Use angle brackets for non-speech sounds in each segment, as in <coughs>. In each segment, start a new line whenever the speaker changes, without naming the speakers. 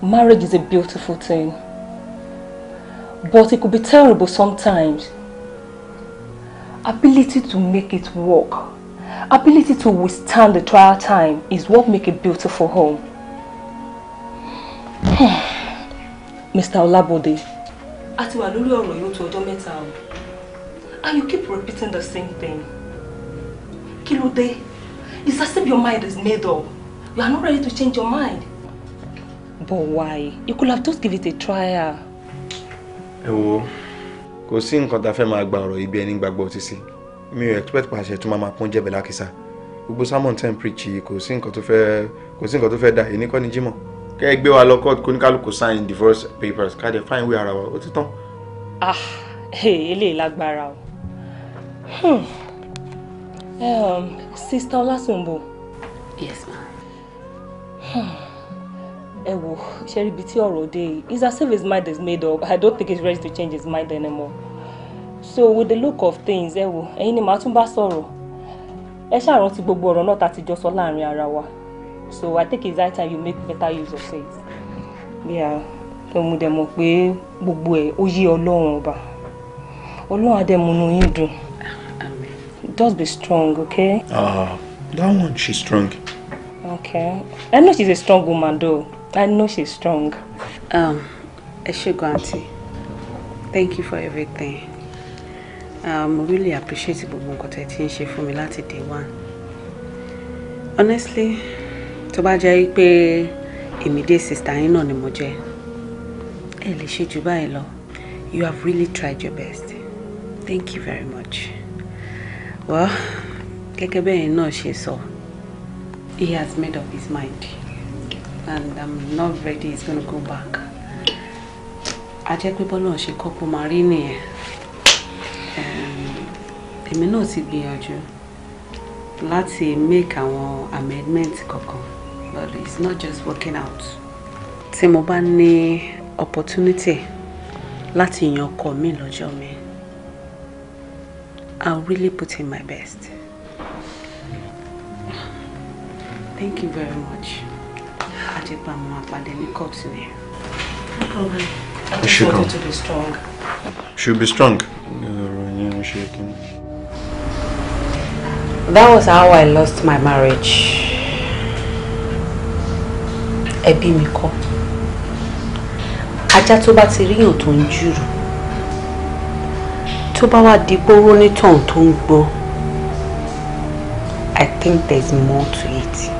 Marriage is a beautiful thing, but it could be terrible sometimes. Ability to make it work, ability to withstand the trial time is what makes a beautiful home. <sighs> Mr. Olabode, a ti wà lórí ọ̀rọ̀ yóò tó ọjọ́ And you keep repeating the same thing. Kilude, It's as if your mind is made up. You are not ready to change your mind. But why? You could have just give it a trial. Ah.
Ẹ wo, kò sí nǹkan tá a fẹ́ máa gba ọ̀rọ̀ ibi ẹni gbàgbọ́ títí. Mi ò expect pàṣẹ tó máa máa pọ́n jẹ́bẹ̀ lákìsà. Gbogbo sermon ten preach yìí kò sí nǹkan tó fẹ́ kò sí nǹkan tó fẹ́ dà èyí ní kọ́ ni Jímọ̀. Kẹ́ ẹ gbé wa lọ court kóníkálukú sign divorce papers ká dẹ̀ fáìn wé ara wa ó ti tán.
Ah, eléyìí lágbára o. Hmm. Um, Sister Olasunbo. Yes, ma'am. Sherry, Bitty, tí ọ̀rọ̀ dé yìí is as if his mind is made up I don't think he's ready to change his mind anymore so with the look of things ẹ wò ẹ̀yin ni màá tún bá sọ̀rọ̀ ẹ ṣàrántí gbogbo ọ̀rọ̀ náà tá a ti jọ sọ láàrin ara wa so I think it's high time you make better use of it yeah mo dẹ̀ mọ̀ pé gbogbo ẹ̀ ó yé ọlọ́run ọba ọlọ́run adẹ́múnú yín dùn just be strong okay.
Uh, that one she's strong.
okay I know she's a strong woman though. I know she's strong. Um, Eshigo auntie,
thank you for everything. Um, really appreciate gbogbo nǹkan tẹ́ ti ń ṣe fún mi láti day one. Honestly, to bá jẹ́ pay èmi dé sister yín on ni mo jẹ́, ẹ lè You have really tried your best. Thank you very much. Well, Kekebe bẹ́ẹ̀ she saw. he has made up his mind and I'm not ready he's gonna go back. a jẹ́ pé bọ́lá ṣe kọ́pọ̀ máa rí nìyẹn èmi náà ti Let's láti make our amendment kankan but it's not just working out. tí mo bá opportunity láti yan ọkọ mi lọ́jọ́ mi I'll really put in my best. Thank you very much àti pé àwọn àpàdé ní court ni.
no problem. I to be strong. should be strong.
That was how I lost my marriage. Ẹbí mi kọ́. Ajá tó bá ti ríyàn tó ń jùrù. Tó bá wá di gbóró nítàn tó ń gbó. I think there's more to it.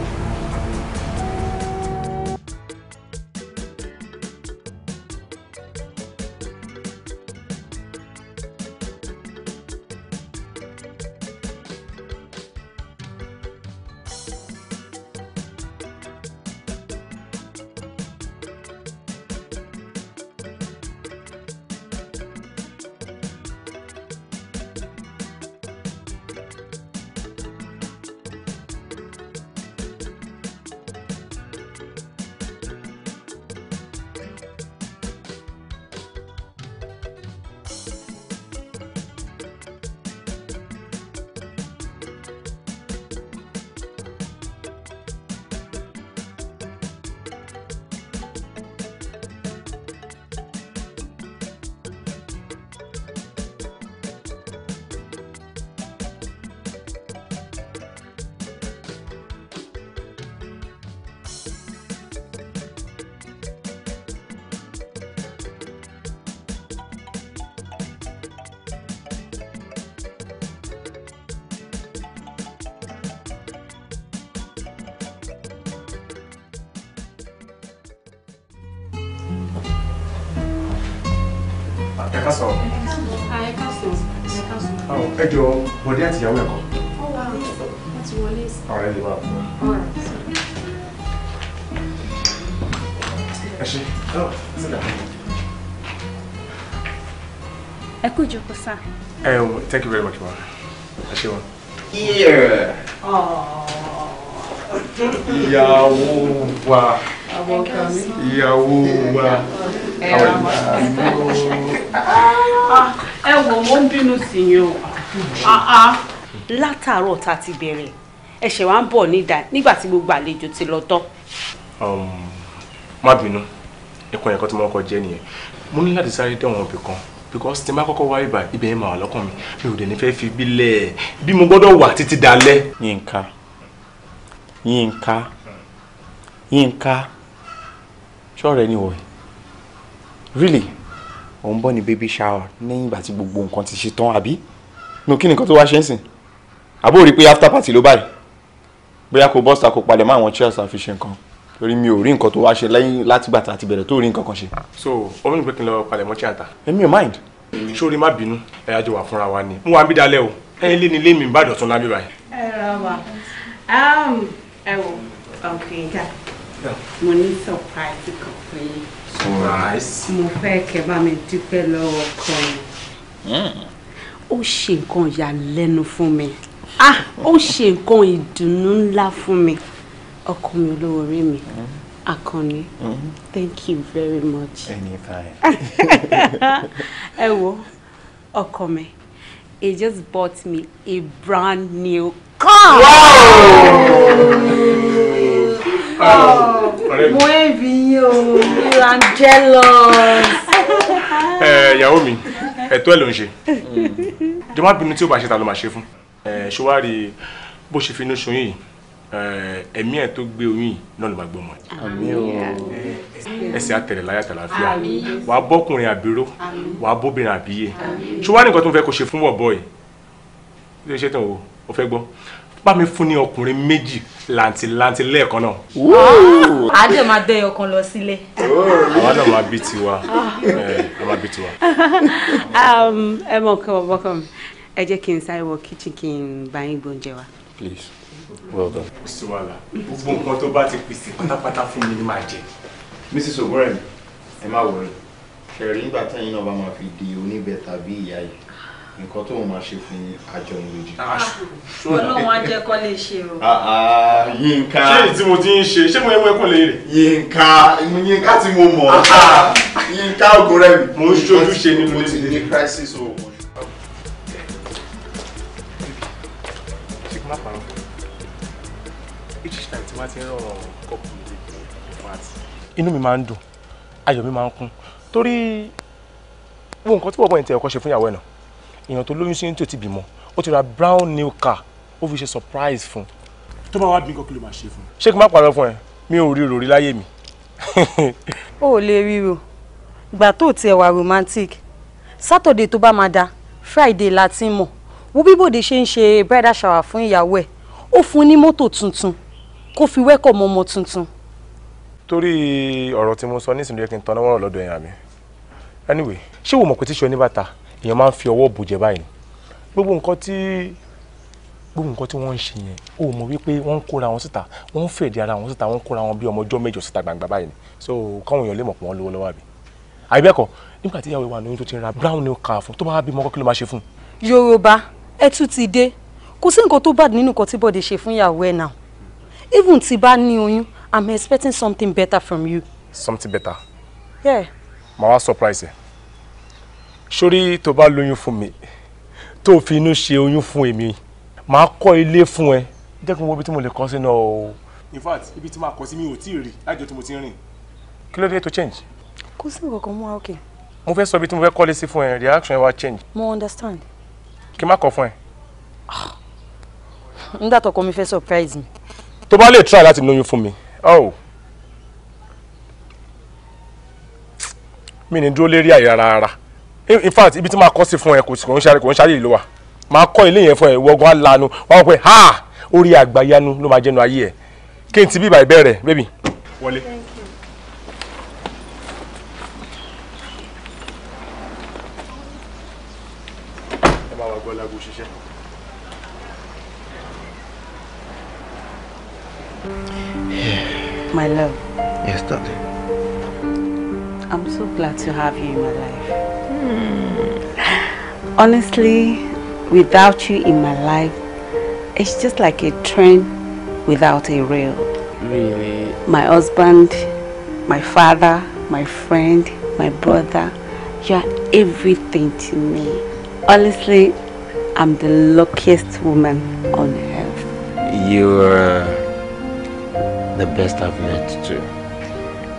ẹ ká sọ. Ah, ẹ ká sọ ẹ ká sọ. Ah,
ẹ jọ bọ̀dé àti ìyàwó ẹ̀kọ́. ọ̀rẹ́ lè wà fún ọ. ẹ ṣe sílẹ̀.
ẹ kú ìjókòó sá.
ẹ o thank you very much ma ẹ ṣe wọn. ìyàwó wa ìyàwó wa.
Ah, ẹ wò mo ń bínú sí yín o ah, ah. látàárọ̀ tá a ti bẹ̀rẹ̀ ẹ̀ṣẹ̀ wa ń bọ̀ nídà nígbà tí gbogbo àlejò ti lọ tán.
Um, má bínú ẹ̀kọ́ ẹ̀kọ́ tí mo kọ́ jẹ́ nìyẹn mo ní láti sáré dẹ̀wọ̀n ibì kan because tí n bá kọ́kọ́ wá ibà ibẹ̀ yẹn máa wà lọ́kàn mi mi ò dẹ̀ ní fẹ́ fi bílẹ̀ bí mo gbọ́dọ̀ wà títí dalẹ́. Yínká Yínká Yínká ṣọ́ọ̀rẹ́ ni wọ̀nyí really ò ń bọ̀ ní baby shower lẹ́yìn ìgbà tí gbogbo nǹkan ti ṣe tán àbí no kí ni nǹkan tó wá ṣe ń sìn àbó rí i pé after party ló báyìí bóyá kò bọ́sà kò palẹ̀ mọ́ àwọn chairs àfi ṣe nǹkan torí mi ò rí nǹkan tó wá ṣe lẹ́yìn látìgbà tá a ti bẹ̀rẹ̀ tó rí nǹkan kan ṣe. so o ní pé kí n lọ palẹ̀ mọ́ chair ta. èmi ò mind. sórí má bínú ẹ̀yà jọ wà fúnra wa ni mo wà ń bí dalẹ̀ o ẹ̀yin lé ní ilé mi bá dọ̀tún lábẹ́ báyìí.
ẹ rọ wa um, ẹ wo ọkùnrin dà mo ní surprise kan fún yín mo fẹ́ kẹ́ bá mi dúpẹ́ lọ́wọ́ ọkọ mi hmm. ó ṣe nǹkan ìyàlẹ́nu fún mi ah! ó ṣe nǹkan ìdùnnú ńlá fún mi ọkọ mi olówó orí mi akọni hmm. hmm. thank you very much <laughs> ẹ wo ọkọ mi he just bought me a brand new
car. Wow!
mo
envy yín you are jealous.
Eh, ìyàwó mi ẹ̀tọ́ ẹ̀ ló ń ṣe jọ má bínú tí ó bá ṣe ta ló máa ṣe fún ṣó wá rí bó ṣe fi inú ṣoyún yìí ẹ̀mí ẹ̀ tó gbé oyún yìí náà ló máa gbé ọmọ ẹ̀ ẹsẹ̀ àtẹ̀rẹ̀ láyà tàlàfíà wà á bọ́kùnrin àbíró wà á bóbìnrin àbíyè ṣó wá ní nǹkan tó ń fẹ́ kó ṣe fún wọ̀ bọ́ọ̀ yìí ṣé tán o ò fẹ́ bá mi fún ní ọkùnrin méjì làǹtìlanti lẹ́ẹ̀kan náà. àádọ́ máa bẹ́
ọkàn lọ sílé.
àwa náà máa bí tiwa ẹ ah. eh, máa bí tiwa.
<laughs> Um, ẹ mọ̀ kí wọ́n bọ́kàn mi ẹ jẹ́ kí n sáré wọ kíchìn kí n bá yín gbóúnjẹ wa.
please well done. kò sí wàhálà gbogbo nǹkan tó bá ti pèsè pátápátá fún mi ni màá jẹ. mrs ogunrẹ́mi ẹ má wọrí. ṣẹ̀rí nígbà táyìn náà bá máa fi di oníbẹ̀ tàbí ìyá yìí nǹkan tóun máa ṣe fún àjọ ìrèjì. Ah, ah, ọlọ́run á
kọ́ lè ṣe o.
Ah, yínká ṣé èyí tí mo ti ń ṣe ṣé mo yẹ mọ́ ẹkún lè rè. yínká yínká tí mo mọ̀ yínká ogun rẹ̀ mo ń ṣojú ṣe nínú ilé. mo ti ní crisis o. ṣé kí n má parọ́ fún mi each time tí wọ́n ti ń rọrùn kọ́pù mi inú mi máa ń dùn ayọ̀ mi máa ń kún torí wo nǹkan tí bọ̀bọ̀ yẹn ti ṣe fún ìyàwó ẹ̀ náà èèyàn tó lóyún sí ní tí ò ti bímọ ó ti ra brown new car o fi ṣe surprise fún un. tó bá wá bí nǹkan kí ló máa ṣe fún un. ṣé kí n má parọ́ fún ẹ mi ò ríro rí láyé mi.
<laughs> o ò lè ríro ìgbà tó tiẹ̀ wà romantic
saturday tó bá máa da friday la ti mọ̀ wo bí Bọ̀dé ṣe ń ṣe bridal shower fún ìyàwó ẹ̀ ó fún un ní mọ́tò tuntun kó fi wẹ́kọ̀ mọ́ ọmọ tuntun.
torí ọ̀rọ̀ tí mo sọ nísìnyí kí n tan náwó lọ́dọ̀ ẹ̀yàn mi anyway ṣé wo mọ̀ pé tíṣọ́ ní bàtà èèyàn máa ń fi ọwọ́ bòjẹ́ báyìí gbogbo nǹkan tí gbogbo nǹkan tí wọ́n ń ṣe yẹn ó mọ̀ wípé wọ́n ń kóra wọn síta wọ́n ń fèdè ara wọn síta wọ́n ń kóra wọn bí ọmọ ọjọ́ mẹ́jọ síta gbangba báyìí so káwọn èèyàn lè mọ̀ pé wọ́n lówó lọ́wọ́ àbí àbí nígbà tí ìyàwó ìwà lóyún tó ti ra brown nail car fún tó bá bímọ kọ́kí ló máa ṣe fún. yorùbá ẹ tún ti dé kò sí nǹkan tó bad
nínú nǹkan tí bọ́dé ṣe fún ìyàwó ẹ̀ náà even tí bá ní oyún i'm expecting something better
from you. something better. yeah. màá wá surprise ẹ sórí tó bá lóyún fún mi tó fi inú ṣe oyún fún èmi màá kọ́ ilé fún ẹ jẹ́ wo ibi tí mo lè kọ́ sí náà o. in fact ibi tí màá kọ́ sí mi ò tí ì rí lájọ tí mo ti rìn. kí ló dé tó change.
kò sí nǹkan kan mú wa òkè.
mo fẹ́ sọ ibi tí mo fẹ́ kọ́lé sí fún ẹ reaction ẹ wá change.
mo understand.
kí n má kọ fún ẹ. Ah,
nígbà tọkọ mi fẹ́ surprise mi.
tó bá lè try láti lóyún fún mi oh mi ní dúró lérí àyè rárá in fact ibi tí màá kọ́ sí fún ẹ kò ń ṣe kò ń ṣe ìlú wa màá kọ́ ilé yẹn fún ẹ wọ́gùn alanu wọ́n pẹ́ ha orí àgbàyanu ló máa jẹnu ayé ẹ kí n ti bí ìbà ìbẹ̀rẹ̀ bébì wọlé. My love. Yes, darling.
I'm so glad to have you in my life. <sighs> Honestly, without you in my life, it's just like a train without a rail.
Really?
My husband, my father, my friend, my brother, you are everything to me. Honestly, I'm the luckiest woman on
earth. You're uh, the best I've met too.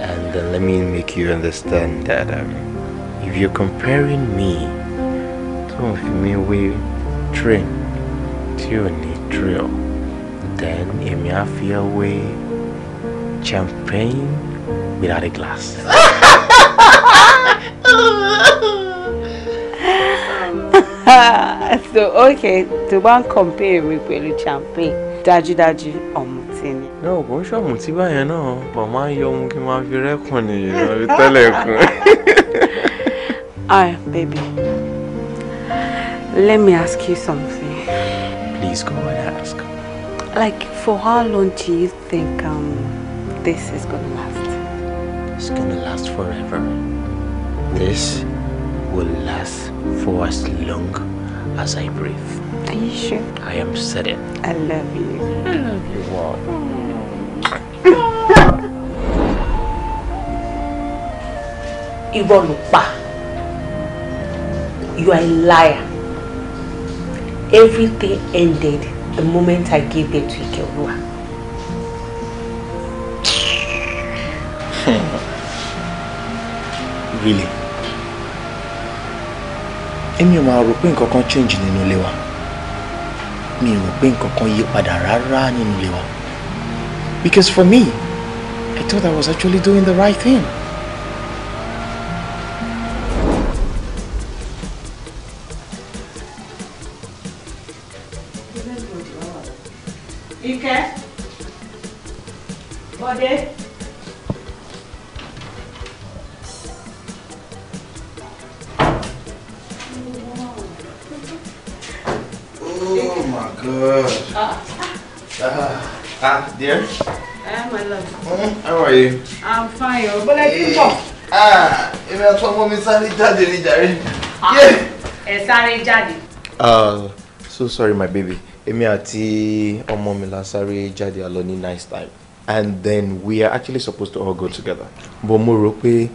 And uh, let me make you understand that um, if you're comparing me tó me fi mí wé train tí ò ní then èmi á fi ẹ́ wé champagne without a glass.
<laughs> so okay tó one ń compare mi pẹ̀lú champagne daji daji ni. náà kò ń ṣọ̀mùtí
báyẹn náà bọ̀ máa ń yọ ohun kí n máa fi rẹ́kùn nìyẹn lórí <laughs>
Hi, baby. Let me ask you something.
Please go and ask.
Like, for how long do you think um, this is gonna last?
It's gonna last forever. This will last for as long as I breathe. Are you sure? I am certain.
I love you. I
love you all.
Irọ́ <laughs> pa. You are a liar. Everything ended the moment I gave birth to Ikerua.
<laughs> Really? Èmi ò máa rò pé nǹkan kan change nínú ilé wa. Mi ò rò pé nǹkan kan yí padà rárá nínú ilé wa. Because for me, I thought I was actually doing the right thing. jáde ní jàre.
Ah, ẹ sáré jáde.
Ah, so sorry my baby èmi àti ọmọ mi la sáré jáde àlọ ní nice time and then we are actually supposed to all go together but mo rò pé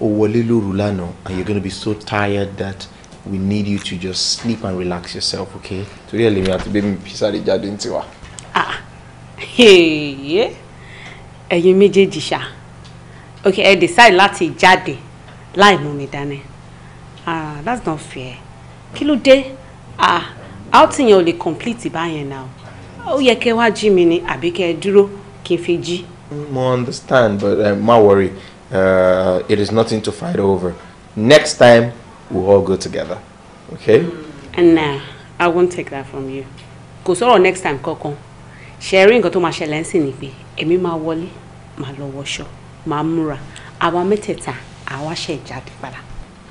o wọlé lóru lánàá and you gonna be so tired that we need you to just sleep and relax yourself okay torí ẹ lèmi àti bẹ́ẹ̀ mi fi sáré jáde ní tiwa. Ah,
ẹ̀yin méjèèjì ṣá okay ẹ decide láti jáde láì mú mi dání ah that's not fair kí ló dé ah outing yẹn ò lè complete báyẹn náà ó yẹ kẹ́ wá jí mi ni àbí kẹ́ dúró kí n fi jí.
mo understand but uh, eh, ma worry uh, it is nothing to fight over next time we we'll all go together okay.
and na uh, i won't take that from you kò sọ̀rọ̀ next time kankan ṣe rí nǹkan tó máa ṣẹlẹ̀ ń sìn ni pé èmi máa wọlé máa lọ wọṣọ máa múra àwa mẹ́tẹ̀ẹ̀ta àwọn ṣe ìjáde padà.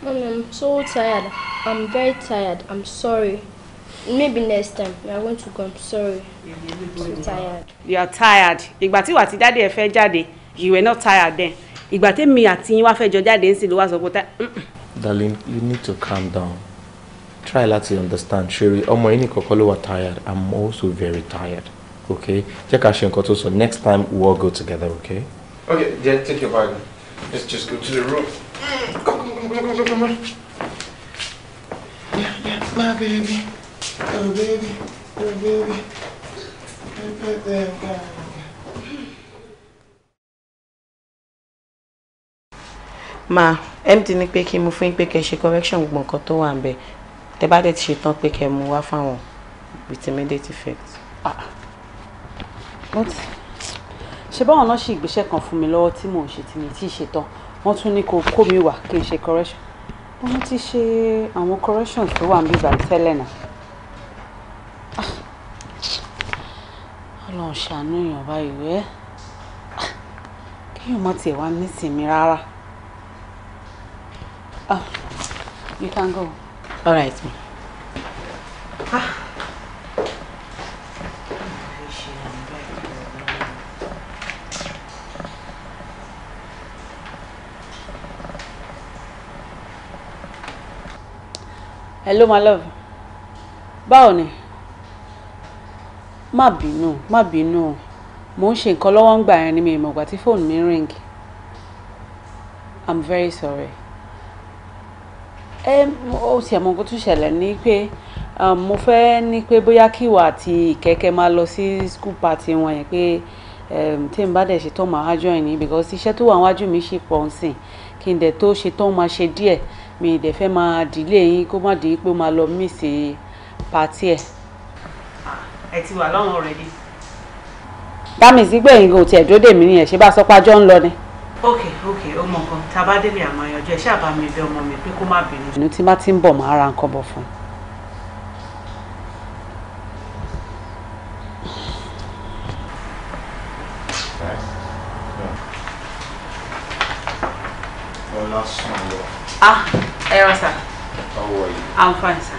Mom, I'm so tired. I'm very tired. I'm sorry. Maybe next time we are going to go. sorry. I'm so tired.
You are tired. Ìgbà tí wà tí jáde ẹ fẹ́ jáde, you were not tired then. Ìgbà tèmi àti yín wá fẹ́ jọ jáde ńsìn ló wá sọ pé.
Darling, you need to calm down. Try láti understand. Ṣeré ọmọ yìí nìkan kọ́ ló wà tired. I'm also very tired. Okay? Jẹ́ ká ṣe nǹkan tó sọ. Next time we all go together, okay? Okay, yeah, take your bag. Let's just go to the roof. Come, Yeah, yeah, my baby. Oh, baby. Oh, baby.
Look at guy. Ma, MD ní pé kí mo fún yín pé kẹ́ ṣe correction gbogbo nǹkan tó wà ńbẹ̀. Tẹ́ bá dẹ̀ ti ṣe tán pé kẹ́ mú wá fáwọn with immediate effect. Ah. What? ṣe báwọn náà ṣe ìgbésẹ̀ kan fún mi lọ́wọ́ tí mò ń ṣe tí mi tí ì ṣetán wọ́n tún ní kó kó mi wá kí n ṣe correction wọ́n mú ti ṣe àwọn corrections tó wà ń bíbà tẹ́lẹ̀ náà Ọlọ́run ṣàánú èèyàn báyìí wẹ kéèyàn má tiẹ̀ wá nísìnyí rárá ah you can go. all right. Ah. hello my love báwo ni má bínú má bínú mò ń ṣe nǹkan lọ́wọ́ ń gbà yẹn ni mi ìmọ̀gbà tí fóònù mi ring i'm very sorry ẹ ó tiẹ̀ mọ nǹkan tó ṣẹlẹ̀ ni pé um, mo fẹ́ ní pé bóyá kíwà àti ìkẹ́kẹ́ máa lọ sí school party wọn yẹn pé um, tí n bá dẹ̀ ṣe tán màá join ni because iṣẹ́ tó wà wájú mi ṣì pọ̀ ń sìn kí n dẹ̀ tó ṣe tán máa ṣe díẹ̀ mi ì dẹ̀ fẹ́ máa dìlé yín kó má di pé ó máa lọ mísè e pàtí ẹ̀. ẹ ti wà lọ́wọ́ rẹ̀ ni. dámì sí pé nǹkan ò tiẹ̀ dúró dèmí nìyẹn ṣé bá sọpájọ́ ń lọ ni. ok ok ó mọ nǹkan tá a bá délé àmọ́ ẹ̀yọ́jọ́ ẹ ṣáà bá mi bẹ ọmọ mi pé kó má bínú. ìnú tí má ti ń bọ̀ máa ra nǹkan bọ̀ fún un. Ah, ẹ wá I'm fine sà.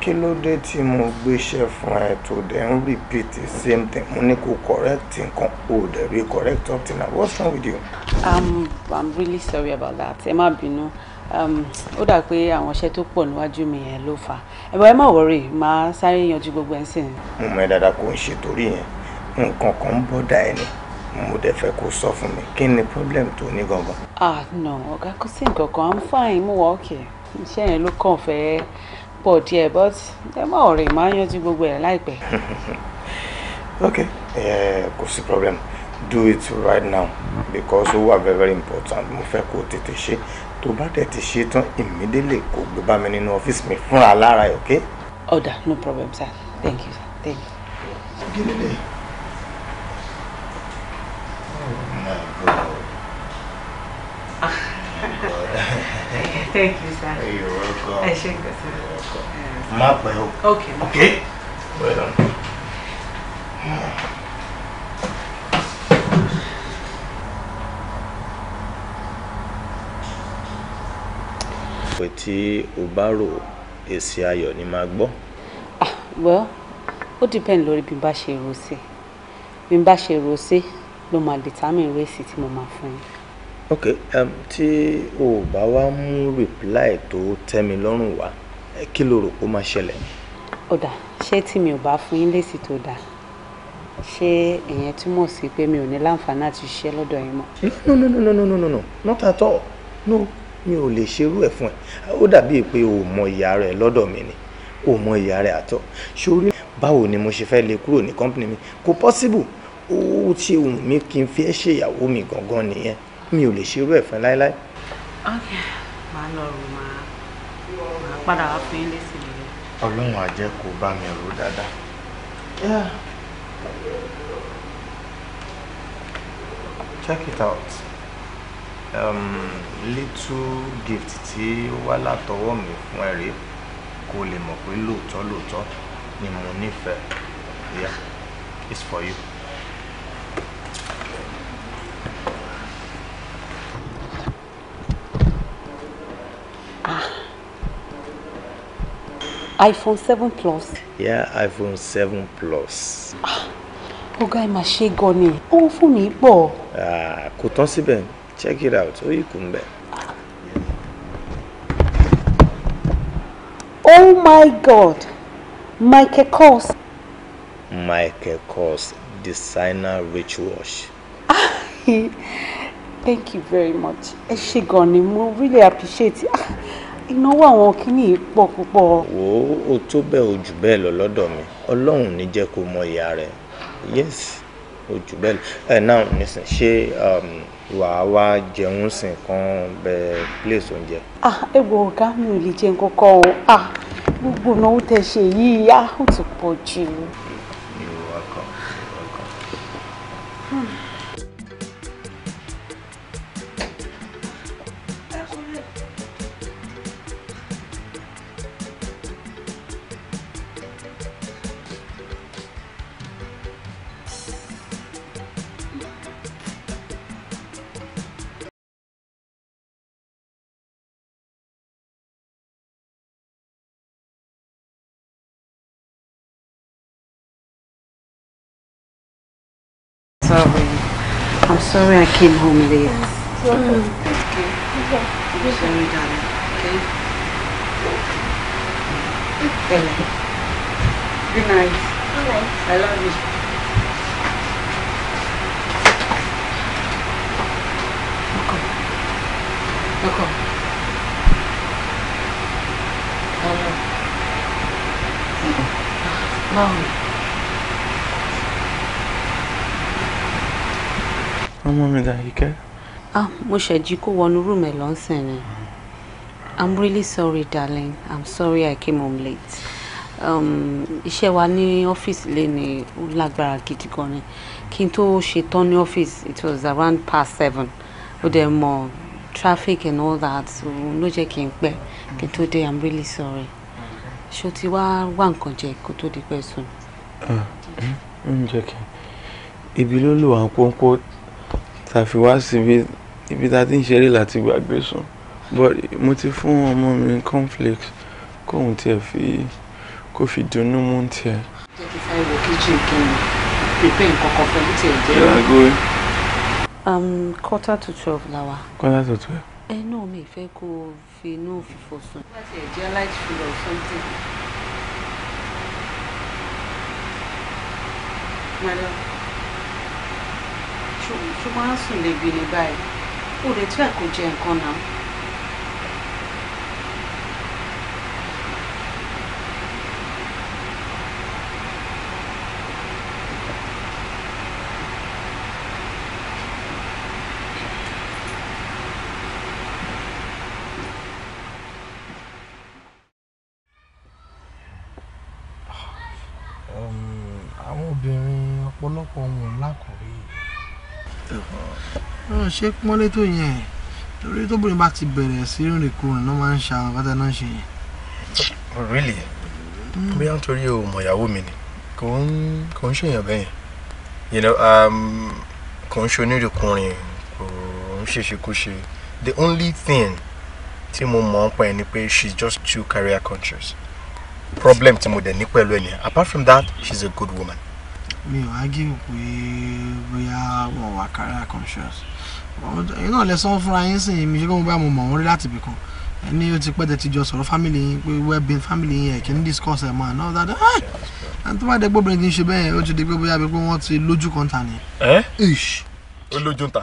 Kí ló dé tí mo gbéṣẹ́ fún ẹ tó dẹ̀ ń repeat the same thing? Mo ní kó correct nǹkan o dẹ̀ rí correct something na what's wrong with you?
Um, I'm really sorry about that. Ẹ má bínú um, ó dà pé àwọn iṣẹ́ tó pọ̀ níwájú mi yẹn ló fà ẹ bá ẹ má wọrí màá sáré yanjú gbogbo ẹ̀ ń sìn.
mo mọ ẹ dáadáa kò ń ṣe torí yẹn nǹkan kan ń bọ́ dà ẹ ni mo dẹ̀ fẹ́ kó sọ fún mi kí ni problem tó ní gangan.
ah no ọ̀gá kò sí nǹkan kan i'm fine mo wà okay iṣẹ́ yẹn ló kàn fẹ́ pọ̀ díẹ̀ but ẹ má ọ̀rẹ́ máa yanjú gbogbo ẹ̀
láìpẹ́. <laughs> ok kò sí problem do it right now because ó wà very very important mo fẹ́ kó tètè ṣe tó bá dẹ̀ ti ṣe tán immediately kó gbé bá mi nínú ọ́fíìsì mi fúnra lára ẹ̀ ok. ọ̀dà no problem sir thank you sir thank you. Thank you, sir. Hey, you're welcome. I shake this. You're welcome. Yes. Map Okay. Okay. Well done. pé tí o bá rò èsì ayọ̀ ni máa gbọ́. ah well
ó depend lórí bí n bá ṣe rò sí bí n bá ṣe rò sí ló máa determine race tí mo máa fún yín
ok um, tí o bá wá mú reply tó tẹ́ mi lọ́rùn wá kí lo rò pé ó máa ṣẹlẹ̀.
ọ̀dà ṣé tí mi ò bá fún yín lésì tó dáa ṣé ìyẹn túmọ̀ sí pé mi ò ní láǹfààní àti ṣiṣẹ́
lọ́dọ̀ yín mọ́. no no no no no no no no not at all no mi ò lè ṣerú ẹ̀ fún ẹ ó dàbíi pé o mọ ìyá rẹ lọ́dọ̀ mi ni o mọ ìyá rẹ àtọ̀ ṣorí báwo ni mo ṣe fẹ́ lè kúrò ní company mi kò possible ó ti wù mí kí n fi ẹ́ ṣèyàwó mi gangan nìyẹn mi ò lè ṣerú ẹ̀ fún láéláé.
ok màá lọ rò máa máa padà wá fún
ọlọ́run á jẹ́ kó bá mi rò dáadáa. Yeah. Check it out. Um, little gift tí ó wá látọwọ́ mi fún ẹ rèé kó lè mọ̀ pé lóòótọ́ lóòótọ́ ni mo nífẹ̀ẹ́. Yeah, it's for you.
iPhone seven plus.
yeah iPhone seven plus. Ah,
ọ̀gá ẹ̀ máa ṣe gan ni owó fóònù yìí pọ̀.
Ah, kò tán síbẹ̀ check it out ó yìí kù ń bẹ̀.
oh my god Michael Kors.
Michael Kors designer rich wash.
<laughs> thank you very much ẹ ṣe gan ni mo really appreciate it. Ah,
ìnáwó àwọn kìíní yìí pọ̀ púpọ̀. Wo ó o tó bẹ́ẹ̀ o jù bẹ́ẹ̀ lọ lọ́dọ̀ mi ọlọ́run ní jẹ́ kó mọ ìyá rẹ̀ yes o jù bẹ́ẹ̀ lọ ẹ̀ náà nísìn ṣé um, wà á wá jẹun sìn kan bẹ́ẹ̀ place oúnjẹ.
ah egbò ọ̀gá mi ò lè jẹun kankan o ah gbogbo ìnáwó tẹ ṣe yìí ah, ó ti pọ̀ jù. Sorry I came home late. Mm.
Okay. i sorry, darling.
Okay? Good night. Good night. I love
you. Welcome.
ọmọ mi Dàríkẹ́.
ah mo ṣẹ̀jí kó wọnú rúùmù ẹ̀ lọ́sìn ni i'm really sorry darling i'm sorry i came home late um, iṣẹ́ wa ní ọ́fíìsì lẹ́ni ó lágbára gidi gan ni kí n tó ṣetán ní ọ́fíìsì it was around past seven ó dẹ̀ mọ̀ traffic and all that so ló jẹ́ kí n pẹ́ kí n tó dé i'm really sorry ṣó ti wá wá nǹkan jẹ kó tó di pẹ́ sùn.
Ah, hm, oúnjẹ kí ibi ló lò wá pọ́npọ́n tàfi wá síbi ibi tá a ti ń ṣeré láti gbàgbé sùn but mo ti fún ọmọ mi cornflakes kóun tiẹ̀ fi kó fi dunnú mú tiẹ̀. jẹ́
kí sáré wọ kíchìn kí n prepare nǹkan tiẹ̀ jẹ́. Um, quarter to twelve la wa.
quarter to twelve.
ẹ eh, náà mi fẹ́ kó o fi inú fífò sùn. wọ́n ti or something. Madam ṣó máa ń sùn lébi ní báyìí ó lè tó ẹ̀kọ́ jẹ nǹkan náà.
náà ṣe pọ́nlé tó yẹn torí tóbìnrin bá ti bẹ̀rẹ̀ sí rìnrìn kùnrin náà máa ń ṣe àwọn bàtà náà ṣe yẹn. Oh, really hmm. bóyá nítorí o mọ̀ ìyàwó mi ni kò ń kò ṣèyàn bẹ́yẹn you know um, kò ń ṣe onírìnkùnrin kò ń ṣèṣekúṣe the only thing tí mo mọ̀ ọ́n pa ẹ̀ ni pé she's just too career conscious problem tí mo dẹ̀ ní pẹ̀lú ẹ̀ nìyẹn apart from that she's a good woman. mi ò wá gé òpè bóyá wọn wà career conscious ẹ̀yin náà lẹ sọ fúnra yín sìn mí ṣé kí wọ́n bá mo mọ̀ wọ́n rí láti ibì kan ẹni ó ti pẹ́ tẹ ti jọ sọ̀rọ̀ family yín pé well-being family yín ẹ̀ kì í discuss ẹ̀ máa náà dáadáa ẹ̀ àti tó bá dẹ gbóbìnrin ti ń ṣe bẹ́ẹ̀ ó ti di pé bóyá pé wọ́n ti lójú kan ta ni. ẹ ó lójú ń ta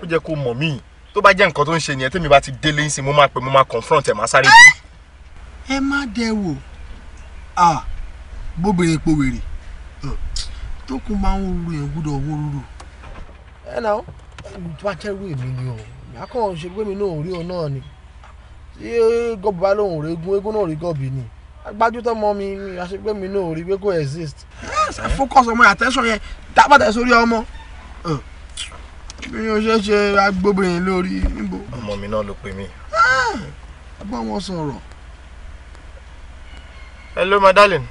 ó jẹ́ kó mọ̀ míì tó bá jẹ́ nǹkan tó ń ṣe nìyẹn tèmi bá ti délé ń sìn mo máa pè mo máa confront ẹ̀ máa sáré bí. ẹ má dẹ wò bóbìnrin po wèrè tó kún máa ń ru ẹ̀ gbúdọ̀ wó ẹ náà tó bá jẹ́rú èmi ni o ìyákọ̀ ṣe pé mi náà ò rí náà ni tí gọ́bù bá lóun régún eégún náà rí gọ́bì ni agbájú tọmọ mi àṣepé mi náà rí pé kò exist. ṣe focus ọmọ attention yẹn dábàtà sórí ọmọ mi ò ṣe ṣe agbóbìnrin lórí níbo. ọmọ mi náà ló pè mí. Ah, bá wọn sọ̀rọ̀. hello my darling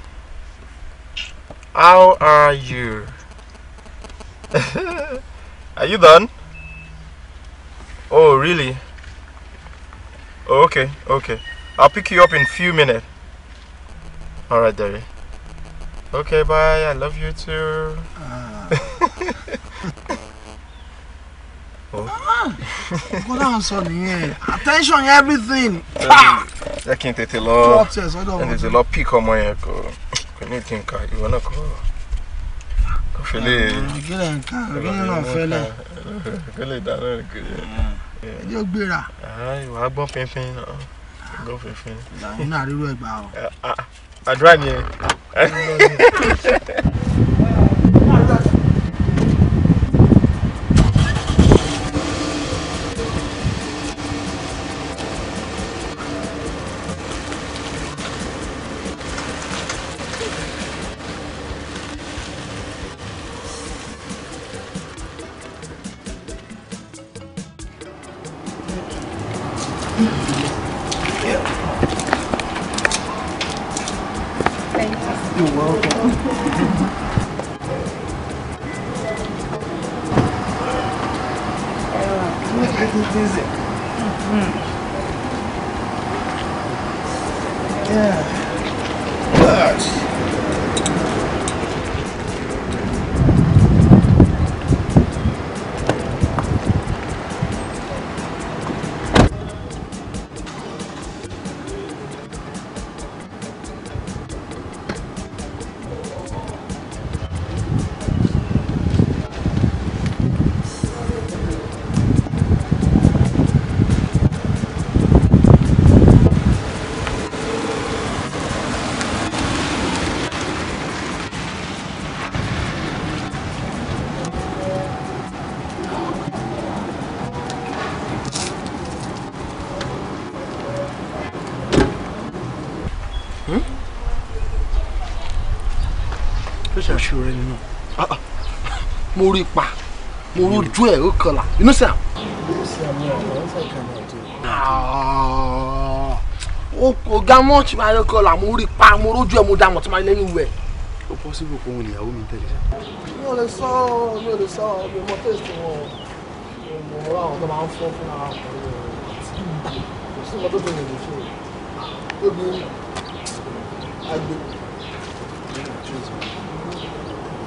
how are you <laughs> are you done. Oh, really? Oh, okay, okay. I'll pick you up in few minutes. All right, Derry. Okay, bye. I love you too. Uh. <laughs> oh. Ah, Attention, everything. Ah. Ẹ kí n tètè lọ. Ẹ a lot. pick ọmọ yẹn kò ní tí n kà ìwọ náà Fele. Kele nkan, kele na fele. Kele da na kele. Ẹjọ́ gbéra. Ah, Wàá gbọ́ fínfín náà. Gbọ́ fínfín. Ìlànà àrírò ẹgbàá o. Ah,
ah, àdúrà ni ẹ.
ìṣòro ẹni náà mo rí pa mo rójú ẹ̀ ó kọlà inú sí à. Ah, ó kò ga mọ́ tí máa rí kọlà mo rí pa mo rójú ẹ̀ mo dá mọ̀ tí máa rí lẹ́nu wẹ̀. ó pọ́sibú kó wọn ìyàwó mi tẹ̀lé. mi ò lè sọ mi ò lè sọ mi ò mọ tẹ́sítì wọn mo mọ àwọn tó máa ń fọ́ fún ara wọn kò sí ọmọ tó lè lè ṣe obìnrin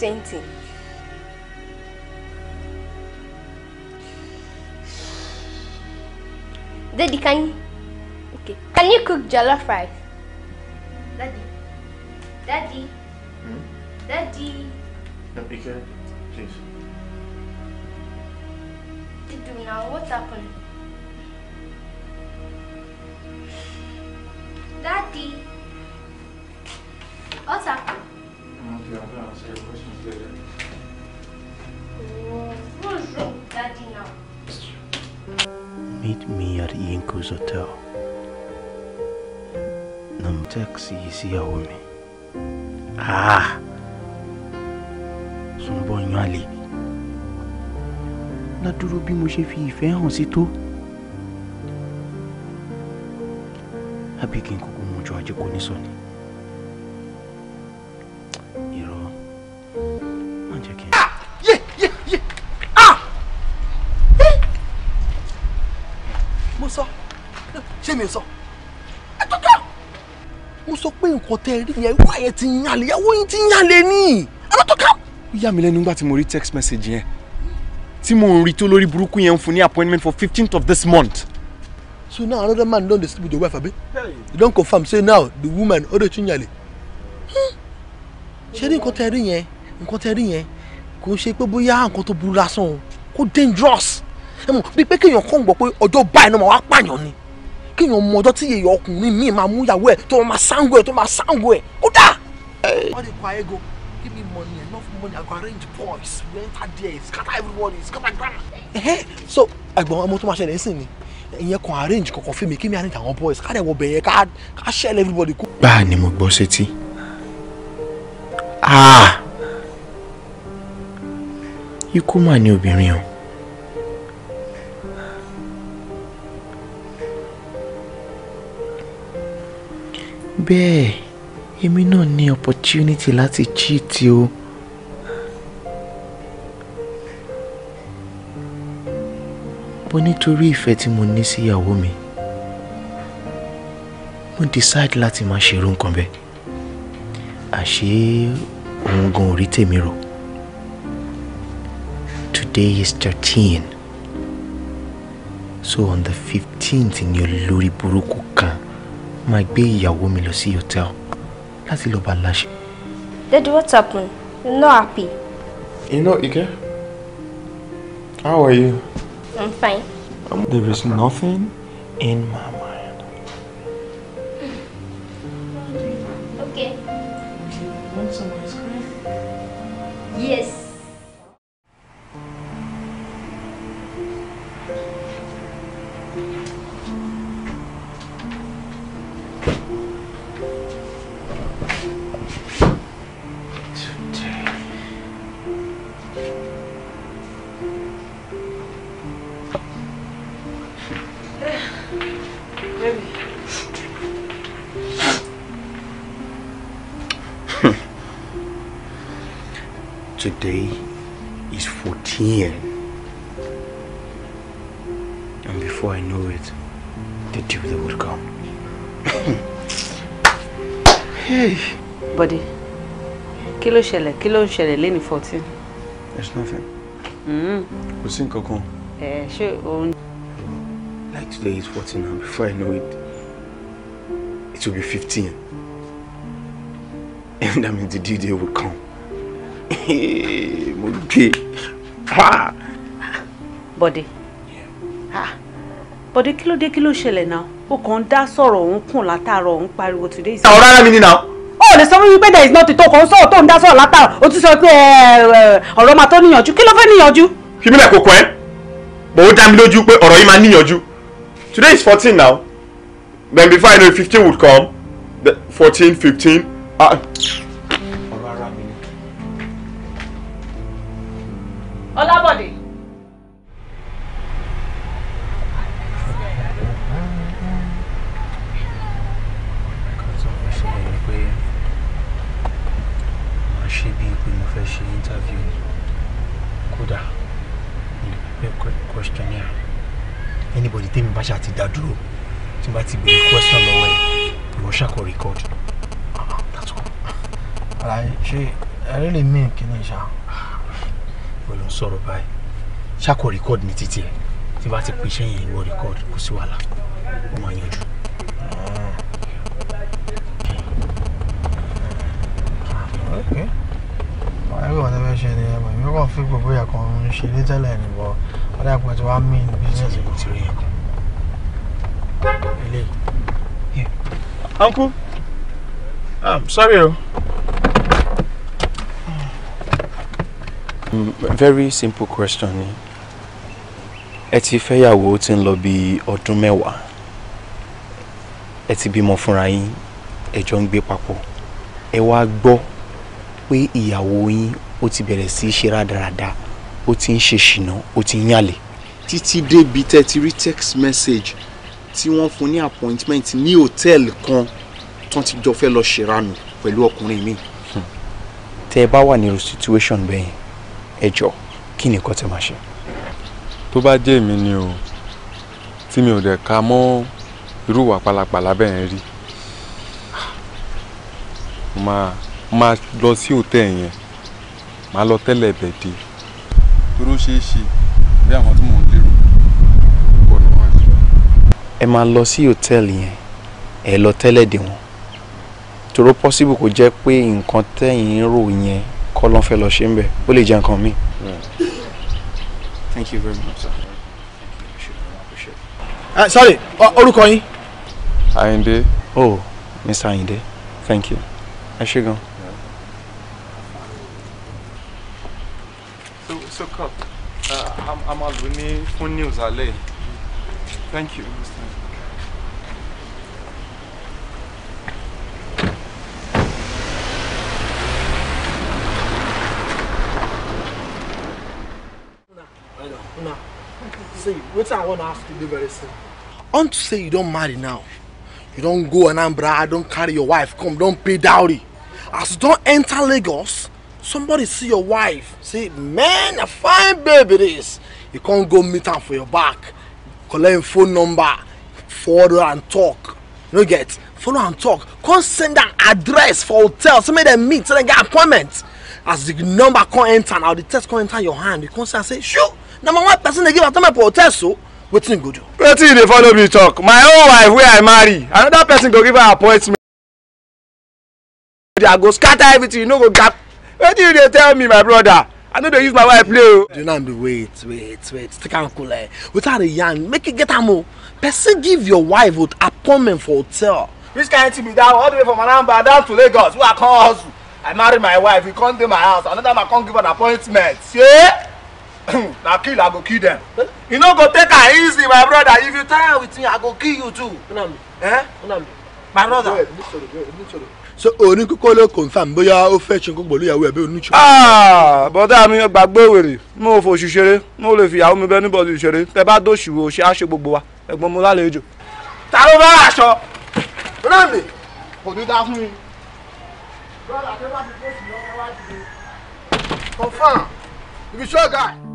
same thing. Daddy, can you, okay. Can you cook jollof rice? Daddy. Daddy. Hmm? Daddy.
No, Ike, please.
Didu, now what happened?
Daddy. What happened?
you. I'm going answer your questions later.
Who's Daddy now? Meet me at Yinko's hotel. Nam taxi is here with me. Ah! Sunbo Nwale. Ládúró bí mo ṣe fi ife hàn sí tó. Àbí kí n kúkú mú jọ ajé kò ní ni. ọkọ tẹ rí yẹn wá yẹn ti ń yàlẹ̀ ìyàwó yín ti ń yàlẹ̀ ni ẹ̀rọ tó ká. ó yà mí lẹ́nu nígbà tí mo rí text message yẹn tí mo ń rí tó lórí burúkú yẹn ń fún ní appointment for fifteenth of this month. so now another man don dey sleep with your wife abi you don confirm say now the woman ó dey tún yàlẹ̀. ṣé ní nǹkan tẹ rí yẹn nǹkan tẹ rí yẹn kò ṣe pé bóyá nǹkan tó burú lásán o kò dangerous ẹ mọ̀ bíi pé kéèyàn kàn gbọ́ pé ọjọ́ báyìí náà máa wá pààyàn ni kéèyàn mọ ọjọ́ tí èèyàn ọkùnrin míì máa mú ìyàwó ẹ̀ tó máa sango ẹ̀ tó máa sango ẹ̀ ó dà. wọ́n ti kọ ayé give me money enough money I go arrange boys we enter there scatter everybody scatter grammar. so ẹ̀gbọ́n ọmọ tó máa ṣẹlẹ̀ sí ni ìyẹn kan arrange kankan fún mi kí mi arrange àwọn boys ká dẹ̀ wọ bẹ̀yẹ ká ṣẹlẹ̀ everybody báà ni mo gbọ́ sétí ah! ikú mà ní obìnrin o. bẹ́ẹ̀ èmi náà ní opportunity láti cheat o. bó nítorí ìfẹ́ tí mo ní sí ìyàwó mi mo decide láti má ṣe irú nǹkan bẹ́ẹ̀ àṣé òun gan ò rí tèmi rò today is thirteen so on the fifteenth ni olórí burúkú kan máa gbé ìyàwó mi lọ sí hotel láti lọ bá láṣẹ.
Daddy, what happened? You're not happy.
You know, Ike, how are you? I'm fine. Um, there is nothing in my
ṣẹlẹ̀ kí ló ń ṣẹlẹ̀ lẹ́ni fourteen.
there's nothing. Hmm. kò sí nǹkan kan.
ẹ ṣé òun.
like today is fourteen and before I know it it will be fifteen and <laughs> that means the due day will come. <laughs> mo gbé ha.
bọ́dé ha bọ́dé kí ló dé kí ló ṣẹlẹ̀ náà ó kàn ń dá sọ̀rọ̀ òun kùn látàárọ̀ òun pariwo today. ọ̀rọ̀ ara mi ni náà ò lè sọ wípé there is nothing tó kàn ń sọ̀rọ̀ tó ń dá sọ̀rọ̀ látara o ti sọ pé ọ̀rọ̀
máa tó níyànjú kí ló fẹ́ níyànjú. fi mílẹ̀ kókó ẹ́ bò ó dá mi lójú pé ọ̀rọ̀ yìí máa níyànjú today is fourteen now then before I know fifteen would come fourteen fifteen. Uh, ṣàkó record ní títí ẹ tí bá ti pèsè yẹn ìwọ record kò sí wàhálà ó máa yanjú. ẹgbẹ́ wọn fẹ́ ṣe ni ẹ mọ̀ ìmọ̀ràn fi gbogbo ìyà kan ń ṣe ní tẹ́lẹ̀ ní bọ̀ ọ̀dà àpò tí wàá mìn business kò ti rí yẹn kan. uncle um, sorry o. Mm, very simple question. Eh? ẹ ti fẹ́yàwó ó ti ń lọ bí ọdún mẹ́wàá ẹ ti bímọ fúnra yín ẹ jọ ń gbé papọ̀ ẹ wá gbọ́ pé ìyàwó yín ó ti bẹ̀rẹ̀ sí í ṣe rádaràda ó ti ń ṣe ṣìnà ó ti ń yàlè. títí débi tẹ́ rí text message tí wọ́n fún ní appointment ní hòtẹ́ẹ̀lì kan tán ti jọ fẹ́ lọ ṣèrànù pẹ̀lú ọkùnrin mi. Hmm. tẹ́ ẹ bá wà nírú situation bẹ́ẹ̀ ẹ jọ kí ni kò tẹ́ máa ṣe tó bá jẹ́ èmi ni o tí mi ò dẹ̀ ka mọ́ irú ìwà pálapàla bẹ́ẹ̀ yẹn rí máa máa lọ sí òtẹ́ yẹn máa lọ tẹ́lẹ̀ bẹ̀dẹ̀ toró ṣeé ṣe bí àwọn tó mọ̀ ń lérò pọ̀ ní wọn. ẹ máa lọ sí òtẹ́ẹ̀lì yẹn ẹ lọ tẹ́lẹ̀ dè wọ́n toró pọ́síbù kò jẹ́ pé nǹkan tẹ́yìn rò yẹn kọ́ ló ń fẹ́ lọ ṣe ń bẹ̀ ó lè jẹ́ nǹkan míì. Thank you very much, sir. Uh, sorry, orúkọ yín. Ayinde. Oh, Mr. Ayinde. Thank you. I should go. So, so, Cop, uh, I'm, I'm Alvini, Fun News, Ale. Thank you, Mr. See, which I want to ask you to very soon. Unto say you don't marry now. You don't go Anambra, don't carry your wife, come, don't pay dowry. As you don't enter Lagos, somebody see your wife. See, man, a fine baby this. You can't go meet her for your back. Collect phone number, follow and talk. You know, get follow and talk. Can't send an address for hotel. So make them meet, so they get appointment. As the number can't enter, now the text can't enter your hand. You can't say, shoot number one person dey give atoma my hotel so oh, wetin go do. wetin you dey follow me talk my own wife wey i marry another person go give her appointment. i go scatter everything you no go gap wetin you dey tell me my brother i no dey use my wife play o. the man be wait wait wait take am cool eh without the yarn make you get am o oh. person give your wife with appointment for hotel. which kind thing be that all the way from anambra down to lagos Who i come hustle i marry my wife e come dey my house another man come give an appointment. Yeah? <coughs> na kill i go kill dem eh? you no go take am easy my brother if you tire with me i go kill you too eh? my brother. ṣé oníkókó ló confam bóyá ó fẹ́ ṣe gbogbo olúyàwó ẹ̀ bí oníṣòwò. Ah, bọ́dá mi gbàgbé wèrè mo fò ṣìṣeré mo lè fi ìyàwó mi bẹ́ẹ̀ níbọ̀ ṣìṣeré tẹ bá dóṣìwò ṣe á ṣe gbogbo wa ẹ̀gbọ́n mo lálejò. ta ló bá aṣọ. bọ́dà mi kò ní dá fún mi. bọ́dà tó bá ti dóṣìwò ọkọ̀ wá ti dé. confam ibi ṣọ́ọ̀gà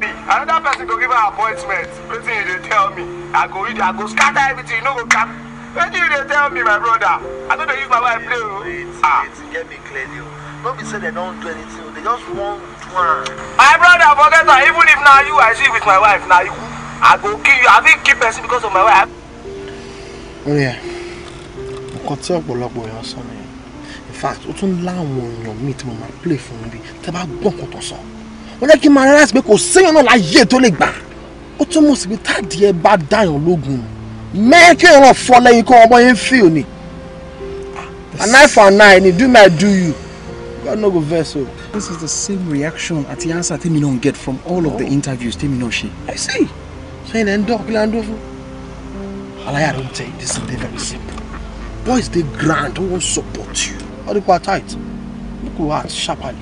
be another person go give her appointment wetin you dey tell me i go read i go scatter everything you no go cap wetin you dey tell me my brother i don't know if my wife play o. Oh. Ah. get me clearly o oh. no be say dem don do anything oh. they just want one. my brother forget that. even if na you i see with my wife na you i go kill you i fit kill person because of my wife. Oh yeah. nǹkan tí ọ̀pọ̀lọpọ̀ èèyàn sọ nìyẹn in fact ó tún láwọn èèyàn míì tí mo máa play fún mi bí tẹ́ bá gbọ́ nǹkan tó sọ ó jẹ́ kí n máa realize pé kò séèyàn náà láyé tó lè gbà ó tún mọ̀ sí táàdì ẹ bá dáyàn lógun mẹ́kẹ́yìn náà fọ́ lẹ́yìn kọ́ ọmọ yẹn fi òní an eye for an eye ni do my do you God no go vex o. This is the same reaction àti answer tèmi náà get from all of the oh. interviews tèmi náà ṣe. I see sẹ́yìn ẹ̀ ń dọ́ kí ló ń dọ́ fún. Alaya don tell you this thing dey very simple boys dey grand who wan support you all the power tight Look at act sharply.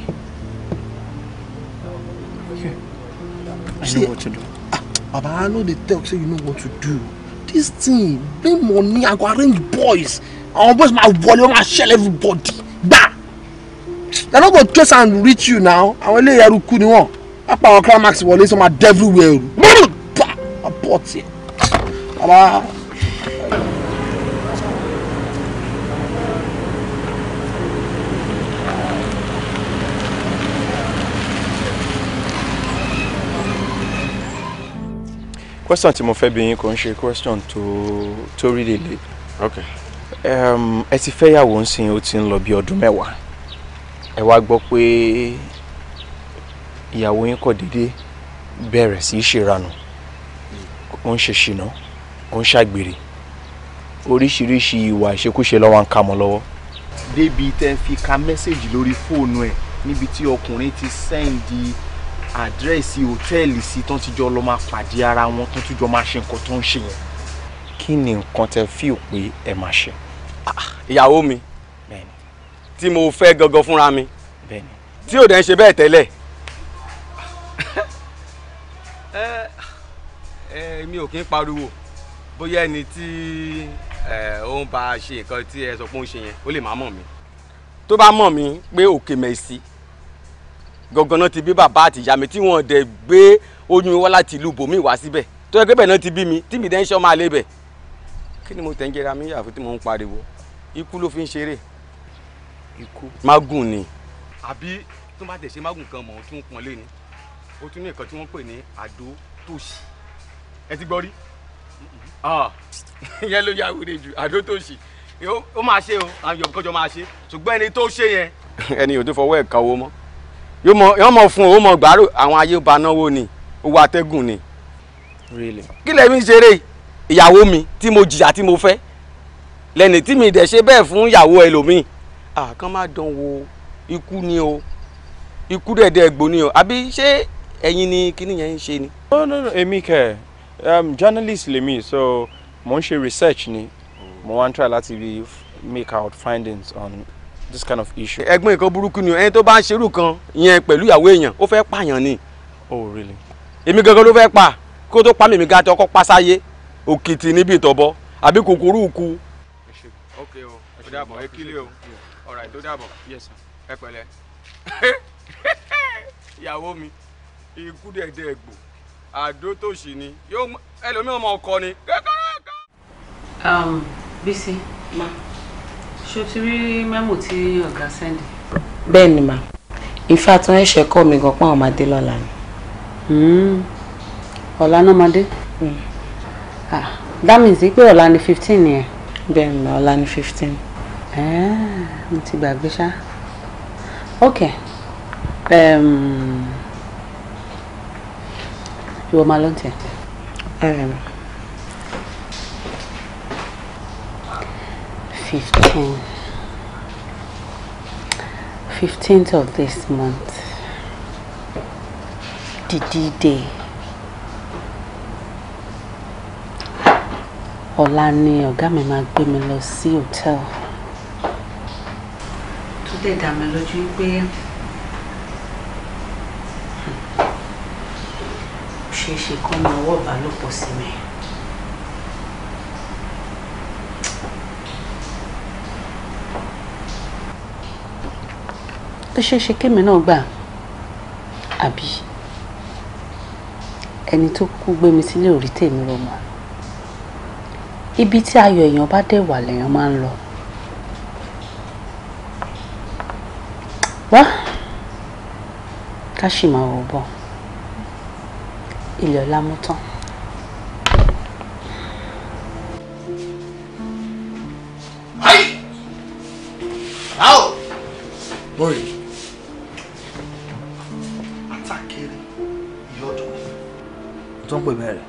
I say, know what to do. Ah, Baba, I know the talk, So you know what to do. This thing, bring money, I go arrange boys. I'll boys my volume, I'll shell everybody. Bah! They're not gonna trust and reach you now. Àwọn ilé ẹrú kú ni wọ́n. Apá àwọn climax wọlé sọ ma dẹ́vírú wẹ̀rù. Abort yẹn. Baba. question tí mo fẹ́ bi yín kò ń ṣe question tó tó rí lèlè. okay. ẹ ti fẹ́yàwó ń sìn ó ti ń lọ bí ọdún mẹ́wàá ẹ wá gbọ́ pé ìyàwó yín kọ̀ déédéé bẹ̀rẹ̀ sí í ṣèranù ó ń ṣe ṣìnà ó ń ṣàgbèrè oríṣiríṣi ìwà ìṣekúṣe lọ́wọ́ ń ká mọ́ lọ́wọ́. débi tẹ́ fi ka mẹ́sẹ̀gì lórí fóònù ẹ̀ níbi tí ọkùnrin ti sẹ́ǹdì àdírẹ́sì òtẹ́ẹ̀lì sí tán ti jọ lọ máa pàdé ara wọn tán ti jọ máa ṣe nǹkan tó ń ṣe yẹn kí ni nǹkan tẹ fíò pé ẹ máa ṣe. Ah, ìyàwó mi tí mo fẹ́ gangan fúnra mi tí ò dẹ̀ ń ṣe bẹ́ẹ̀ tẹ́lẹ̀. <laughs> Eh, eh, mi ò kí ń pariwo bóyá ẹni tí eh, ó ń bá ṣe nǹkan tí ẹ sọ pé ó ń ṣe yẹn ó lè má mọ̀ mi tó bá mọ̀ mi pé òkè mẹ́sì gangan náà ti bí bàbá àti ìyá mi tí wọ́n dẹ̀ gbé oyún wá láti ìlú bòmí wá síbẹ̀ tó yẹ pé bẹ́ẹ̀ náà ti bí mi tí mi dẹ́ ń ṣọ́ máa lé bẹ̀. kí ni mo tẹ̀ ń jẹra mi àfi tí mo ń pariwo ikú ló fi ń ṣeré. ikú. mágùn ni. àbí tó má tẹ̀ ṣe mágùn kan mọ̀ tí wọ́n pọ́n lé ni ó tún ní nǹkan tí wọ́n pè ní àdó tòṣì ẹ ti gbọ́ rí ìyẹn ah. <laughs> ló yà wúre jù àdó tòṣì ó máa ṣe o àwọn Yorùbá máa ṣe ṣùgbọ́n ẹni tó ṣe yẹn. ẹni ò tó fọwọ́ ẹ̀ kawó mọ́ yóò mọ fún owó mọ gbàrú àwọn ayé ba náwó ni owó atẹ́gùn ni. Really? kí lẹ́mi ṣeré ìyàwó mi tí mo jìyà tí mo fẹ́ lẹ́ni tí mi dẹ̀ ṣe bẹ́ẹ̀ fún ìyàwó ẹlòmíì àkàn má dán wo ikú ni o ikú dẹ̀dẹ̀ gbò ni o àbí ṣé ẹ̀yin ni kíní yẹn ń ṣe ni. èmi kẹ um, journalist lèmi so mo ń ṣe research ni mo wá ń try láti make out findings on this kind of issue. ẹ̀gbọ́n nǹkan burúkú ni ẹni tó bá ń ṣerú kan yẹn pẹ̀lú ìyàwó èèyàn ó fẹ́ pààyàn ni. oh really. èmi gangan ló fẹ́ pa kó tó pa mí mi ga tó kọ́ pa sáyé òkìtì níbi ìtọ́bọ àbí kòkòrò òkú. ok o ó dàbọ̀ ẹ kílẹ̀ o alright ó dàbọ̀ yes sir ẹ pẹ̀lẹ́ <laughs> ìyàwó mi ikú dẹ̀dẹ̀ gbò àdó tó ṣì ni yóò ẹlòmíràn ọmọ ọkọ ni.
Um, Bísí ma ṣé o ti rí mẹ́mù tí ọ̀gá sẹ́ndì. bẹ́ẹ̀ ni mà ìfàtàn ẹ̀ṣẹ̀ kọ́ mi gan pọ́n ọmọdé lọ́la ni. Hmm. ọ̀la náà máa dé. Hmm. Ah, that means pé ọ̀la ni fifteen yẹn. bẹ́ẹ̀ ni mà ọ̀la ni fifteen. Ah, mo ti gbàgbé ṣá. ok ìwọ máa lọ́ntẹ̀. fifteen fifteenth of this month the D-Day ọ̀la ni ọ̀gá mi máa gbé mi lọ sí hòtẹ́ẹ̀lì. tó dẹ̀ dá mi lójú pé hmm, ó ṣeé ṣe kán ní ọwọ́ ìbálòpọ̀ sí mi. tó ṣeé ṣe kémi náà gbà àbí ẹni tó kú gbé mi sílé òrí tèmi rọmọ ibi tí ayọ̀ èèyàn bá dẹ̀ wà lèèyàn máa ń lọ wá ká sì máa wò bọ̀ ilẹ̀ ọ̀la mú
ń pè bẹ́ẹ̀ rẹ̀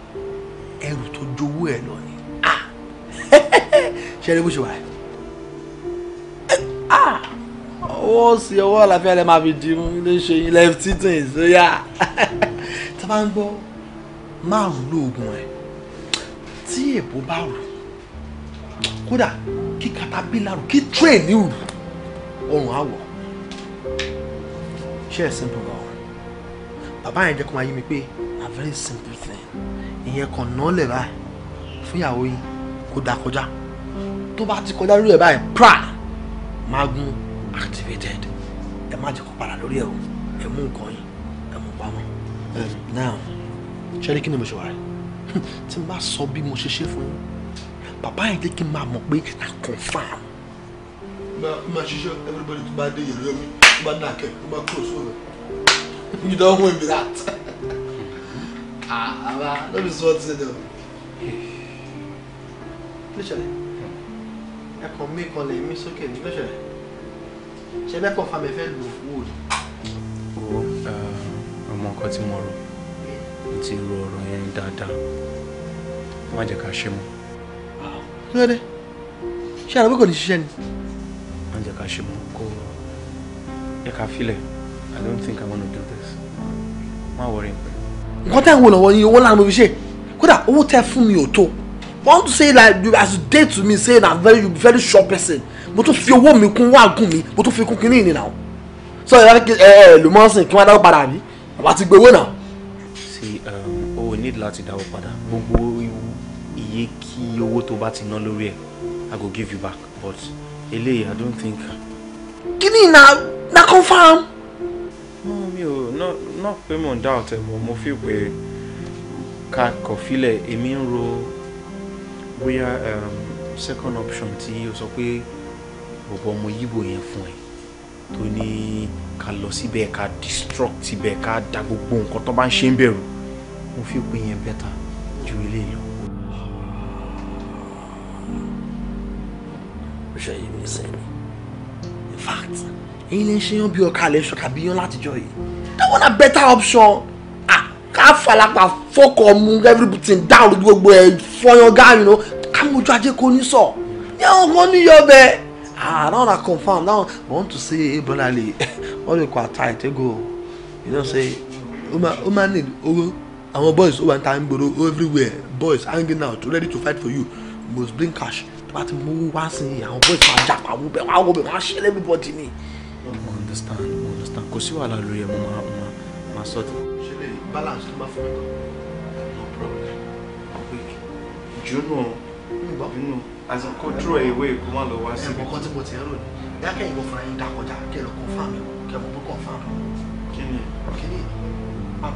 ẹrù tó jowó ẹ lọ ni ah! <laughs> ṣe eré bó ṣe wà ah! ọwọ́ sí ọwọ́ àlàáfíà lẹ́ máa fi di mú ilé ṣe ilẹ̀ títì ìsóyà tá a bá ń gbọ́ márùn lóògùn ẹ̀ tí èbó bá rù kódà kí katapila rù kí tírèènì rù ọrùn àwọ̀ ṣe é simple gan bàbá yẹn jẹ́ kó máa yí mi pé very simple thing ìyẹn kàn náà lẹ̀ báyìí fún ìyàwó yìí kó da kọjá tó bá ti kọjá lórí ẹ̀ báyìí pra magnum activated ẹ má jẹ́ kó padà lórí ẹ̀ o ẹ mú nǹkan yín ẹ mú pamọ́ now ṣẹ́rí kí ni mo ṣe wà rẹ̀ hm, tí n bá sọ bí mo ṣe ṣe fún yín bàbá yẹn jẹ́ kí n máa mọ̀ pé na confam. máa ṣiṣẹ́ everybody tó bá dé yẹ̀rọ mi tó bá dà kẹ́ tó bá close fún you don't win be that. Ah, Baba, ah, no be small thing o. Kí ló ṣẹlẹ̀? Ẹ kàn mí kanlẹ̀ mí sókè ní kí ló ṣẹlẹ̀? Ṣé bẹ́ẹ̀ kàn fa mi fẹ́ lò fún òòlù? Wo ọmọ nǹkan tí mo rò, mo ti ro ọ̀rọ̀ yẹn dáadáa. Má jẹ́ ká ṣe mọ́. Ah, I don't think I'm gonna do this. Má wọrí nǹkan tẹ́ ń wò lọ́wọ́ yín owó lánàá mo fi kódà owó tẹ́ fún mi ò tó want to say like you as you dey to me say na very you be very sure person mo tún fi owó mi kún wá gùn mi mo tún fi kún kínní ìnìyàn o so ẹ ẹ ẹ lò mọ́ sìn kí wọ́n dáwọ́ padà bí àbá ti gbowó náà. ṣe um, o need láti dáwọ́ padà gbogbo iye kí owó tó bá ti ná lórí ẹ̀ i go give you back but eléyìí i don't think. kí ni na na confam náà náà pé mò ń dá ọ̀tẹ̀ mọ́ mo fi pé ká kọ̀ filẹ̀ èmi ń ro bóyá um, second option tí o sọ pé bọ̀bọ̀ ọmọ yíbo yẹn fún ẹ tó ní ká lọ síbẹ̀ ká destruct ibẹ̀ ká da gbogbo nǹkan tó bá ń ṣe ń bẹ̀rù mo fi pé yẹn bẹ́tà ju ilé lọ. ṣe yìí mi sẹ́ni in fact ẹ̀yin lè ṣe yan bí ọkà lè ṣọkà bí yan látijọ́ yìí that one na better option ah ká falapa fọkọ mu everything down gbogbo ẹ fọyán gáàrin o ká mojú ajé kò ní sọ yẹn wọn ní yọ bẹ́ẹ̀ ah that one na confam that one i want to say brotherly <laughs> all the kwa tight eh, go. you know say o ma need owó àwọn boys ó wà ní ta ń gbòòrò everywhere boys hanging out ready to fight for you must bring cash tó bá ti mú wá sí àwọn boys máa jà pàwọ́ bẹ́ẹ̀ wá wọ́ bẹ́ẹ̀ wá ṣe everybody ni. I don't understand kò sí wàhálà lórí ẹ mo máa ma ma sọ ti. ṣe lè balance ló máa fún mi kan no problem quick jùnú jùnú as in control ẹ̀ ìwé ìkó má lọ wá sí. ẹ̀mọ̀ kan tí mo ti ń rò ní dákẹ́ ìwọ fúnra yín dákọjá kẹ́ lọ confirm mi kẹ́ mo bó confirm. kí ni kí ni ah.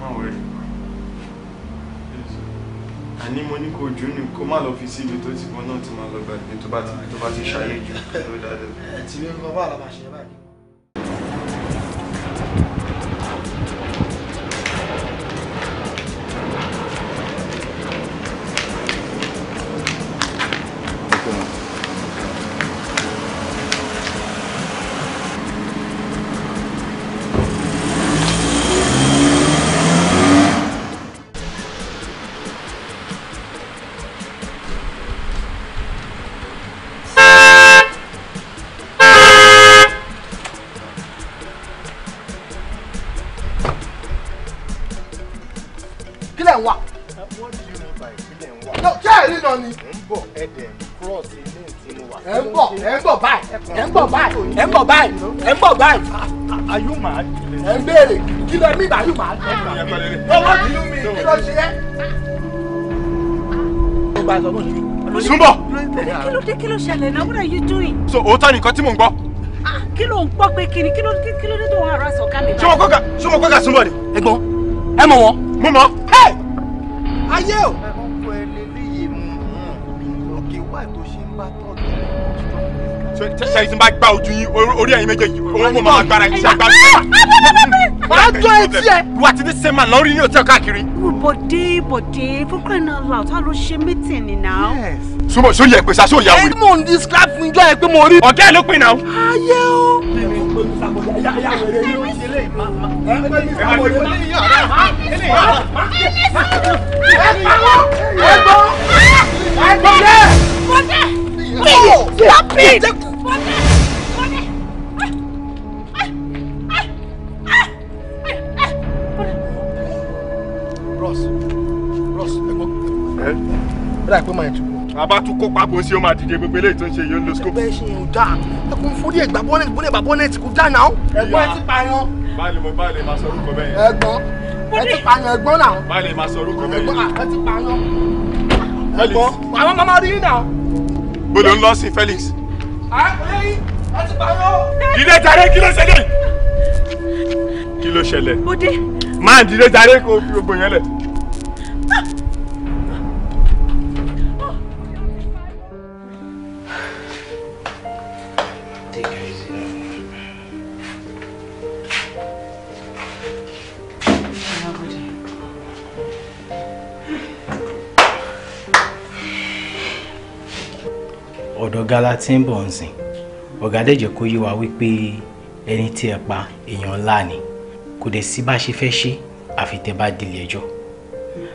má wẹ̀ àní mo ní kó jù ní kó má lọ fi síbi tó ti bọ́ náà ti máa lọ gbàgbé tó bá ti ṣàyè jù <laughs> ẹ ti rí ọgbọ́n bá àlọ́ máa ṣe báyìí. kí ló mí báyìí máa tẹ̀ ọ́ ọwọ́ kí ló mi kí ló ṣe é. Súnbọ̀. Kí ló
dé kí ló ṣẹlẹ̀ náà? What are you doing?
So òótọ́ nìkan tí mò ń gbọ́.
Ah, kí ló ń gbọ́ pé kí ni kí ló kí ló dé tó wàá ra sọ̀ká mi báyìí? Ṣé wọ́n kọ́ka
ṣé wọ́n kọ́ka Súnbọ̀ ni? Ẹ gbọ́, ẹ mọ̀ wọ́n. Mo mọ̀. Ayé o. Ṣé ìsìn bá gbá ojú yín orí ẹ̀yin méjèèjì? Òun mo máa gbára yín ṣe àgbà mi wàá tó etí ẹ. wà á ti ní sẹ́mà lọ́rí ní òtẹ́ káàkiri. bọ̀dé bọ̀dé for crying
out loud ta ló ṣe meeting ni now.
súnmọ́ sórí ẹ̀ pé sasó ìyàwó. ẹ mò ń describe fún ijọ́ ẹ pé mo rí. ọ̀gá ẹ̀ ló pin náà. ayé o. Ẹgbọ́n!
Ẹgbọ́n!
Bọ̀dé! Bọ̀dé! Stop it! Ross Ross ẹ̀kọ́ ẹ̀ bẹ́ẹ̀ àìpé máa tún. àbá tún kó papò ń ṣe ó máa dìde gbogbo eléyìí tó ń ṣe yóò lo scope. ẹgbẹ́ ṣe yóò dáa ẹkún forí ẹgbà bọ́nẹ̀tì bọ́nẹ̀tì bọ́nẹ̀tì kò dáa náà. ẹ̀gbọ́n ẹ ti pààyàn. báyìí mo báyìí máa sọ orúkọ bẹ́ẹ̀. ẹ̀gbọ́n ẹ ti pààyàn ẹ̀gbọ́n náà. báyìí máa sọ orúkọ bẹ́ẹ̀. ẹ̀gbọ́n ẹ ti pààyàn. ẹ̀gbọ́n àwọn máa rí náà. bolo ń lọ sí Felix. ẹ ti pààyàn. ìdè jàre kí ló ṣẹlẹ̀ kí ló ṣẹlẹ̀. bóde. máa dìde jàre kó gbogbo yẹn lẹ̀. ọ̀gá la ti ń bọ̀ ń sìn ọ̀gá dẹ̀jẹ̀ kó yé wa wípé ẹni tí ẹ pa èèyàn ńlá ni kò dẹ̀ sí bá ṣe fẹ́ ṣe àfi tẹ́ bá dilé ẹjọ́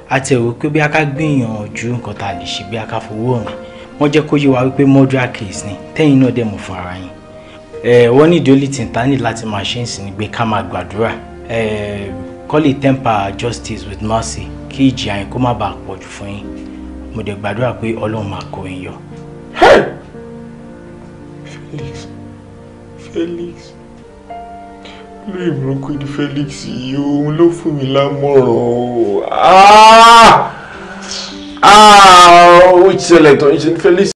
àti ẹ̀rọ pé bí a ká gbìyànjú nǹkan tá a lè ṣe bí a ká fowó ọ̀rìn wọ́n jẹ́ kó yé wa wípé murder case ni tẹ́yìn náà dẹ̀ mọ̀ fún ara yín wọ́n ní ìdólì tìǹtánì láti máa ṣe ń sìn ní ká máa gbàdúrà kọ́lì temper justice with mercy kí ìjìyà yín kó má bàa pọ̀jù fún yín mo dẹ̀ gbàdúrà pé ọlọ́run máa kó yín yọ. Hey! Felix Felix lórí burúkú ni Felix yìí òun ló fún mi lámọ̀ràn o ah! Ah! ó ṣẹlẹ̀ tó ń ṣe Felix.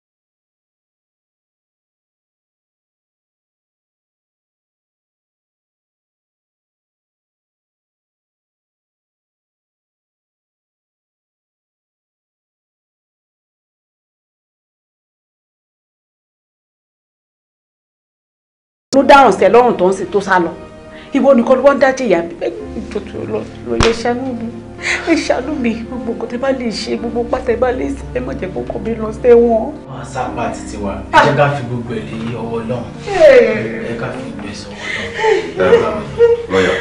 ló dáràn sẹ lọ́rùn tó ń sè tó sá lọ ìwọ nìkan ló wọ́n dá jìyà ló yẹ ṣàánú mi ẹ ṣàánú mi gbogbo nǹkan tẹ bá lè ṣe gbogbo pátá ẹ bá lè ṣe ẹ má jẹ kókó mi lọ sẹ́wọ̀n.
wọn sápá títí wa ah. jẹ ká fi gbogbo ẹ lé ọwọ́ náà eh. ẹ ká fi gbẹ sọ́wọ́ náà. lọ́yọ̀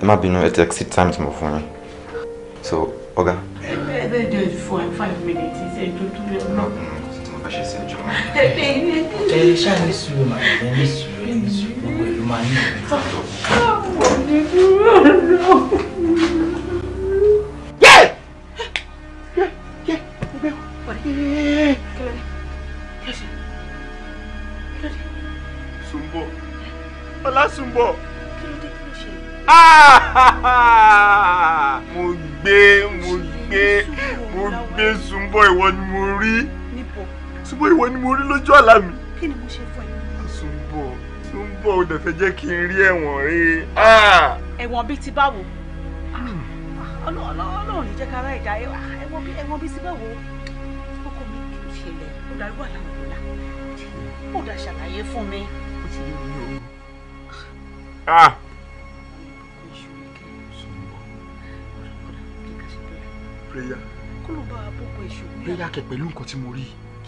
ẹ má bínú ẹ ti exit time tí mo fún yín so ọ̀gá. ẹ bẹ́ẹ̀ jẹ́
fún ẹ five minutes ṣe tuntun yẹn nǹkan ṣe sí ojú ọmọ. ẹ
ṣáà ní sùúrù màá ẹ ní sùúrù ẹ ní sùúrù gbogbo ìlú máa ní ìwé tó tó. Sùnbọ̀ Ọlásùnbọ̀ ah, mo gbé mo gbé mo gbé Sùnbọ̀ ìwọ ni mo rí ṣùgbọ́n ìwọ ni mo rí lójú àlá mi. kí ni mo ṣe fún ẹ. àsùnbọ̀ àsùnbọ̀ ò dẹ̀ fẹ́ jẹ́ kí n rí ẹ̀wọ̀n rí.
ẹ̀wọ̀n bíi ti báwo hmm. ọlọ́run ní jẹ́ ká rá ìjà ẹ̀wọ̀n bíi ẹ̀wọ̀n bíi ti báwo ọkọ mi kì í ṣẹlẹ̀ ó darí wà láwùjọ ó dá ṣàlàyé fún mi.
ó ti rí mi o. Ah. Ah. prayer. kó ló bá a bó bo èṣù. prayer kẹ pẹ̀lú nǹkan tí mo rí i.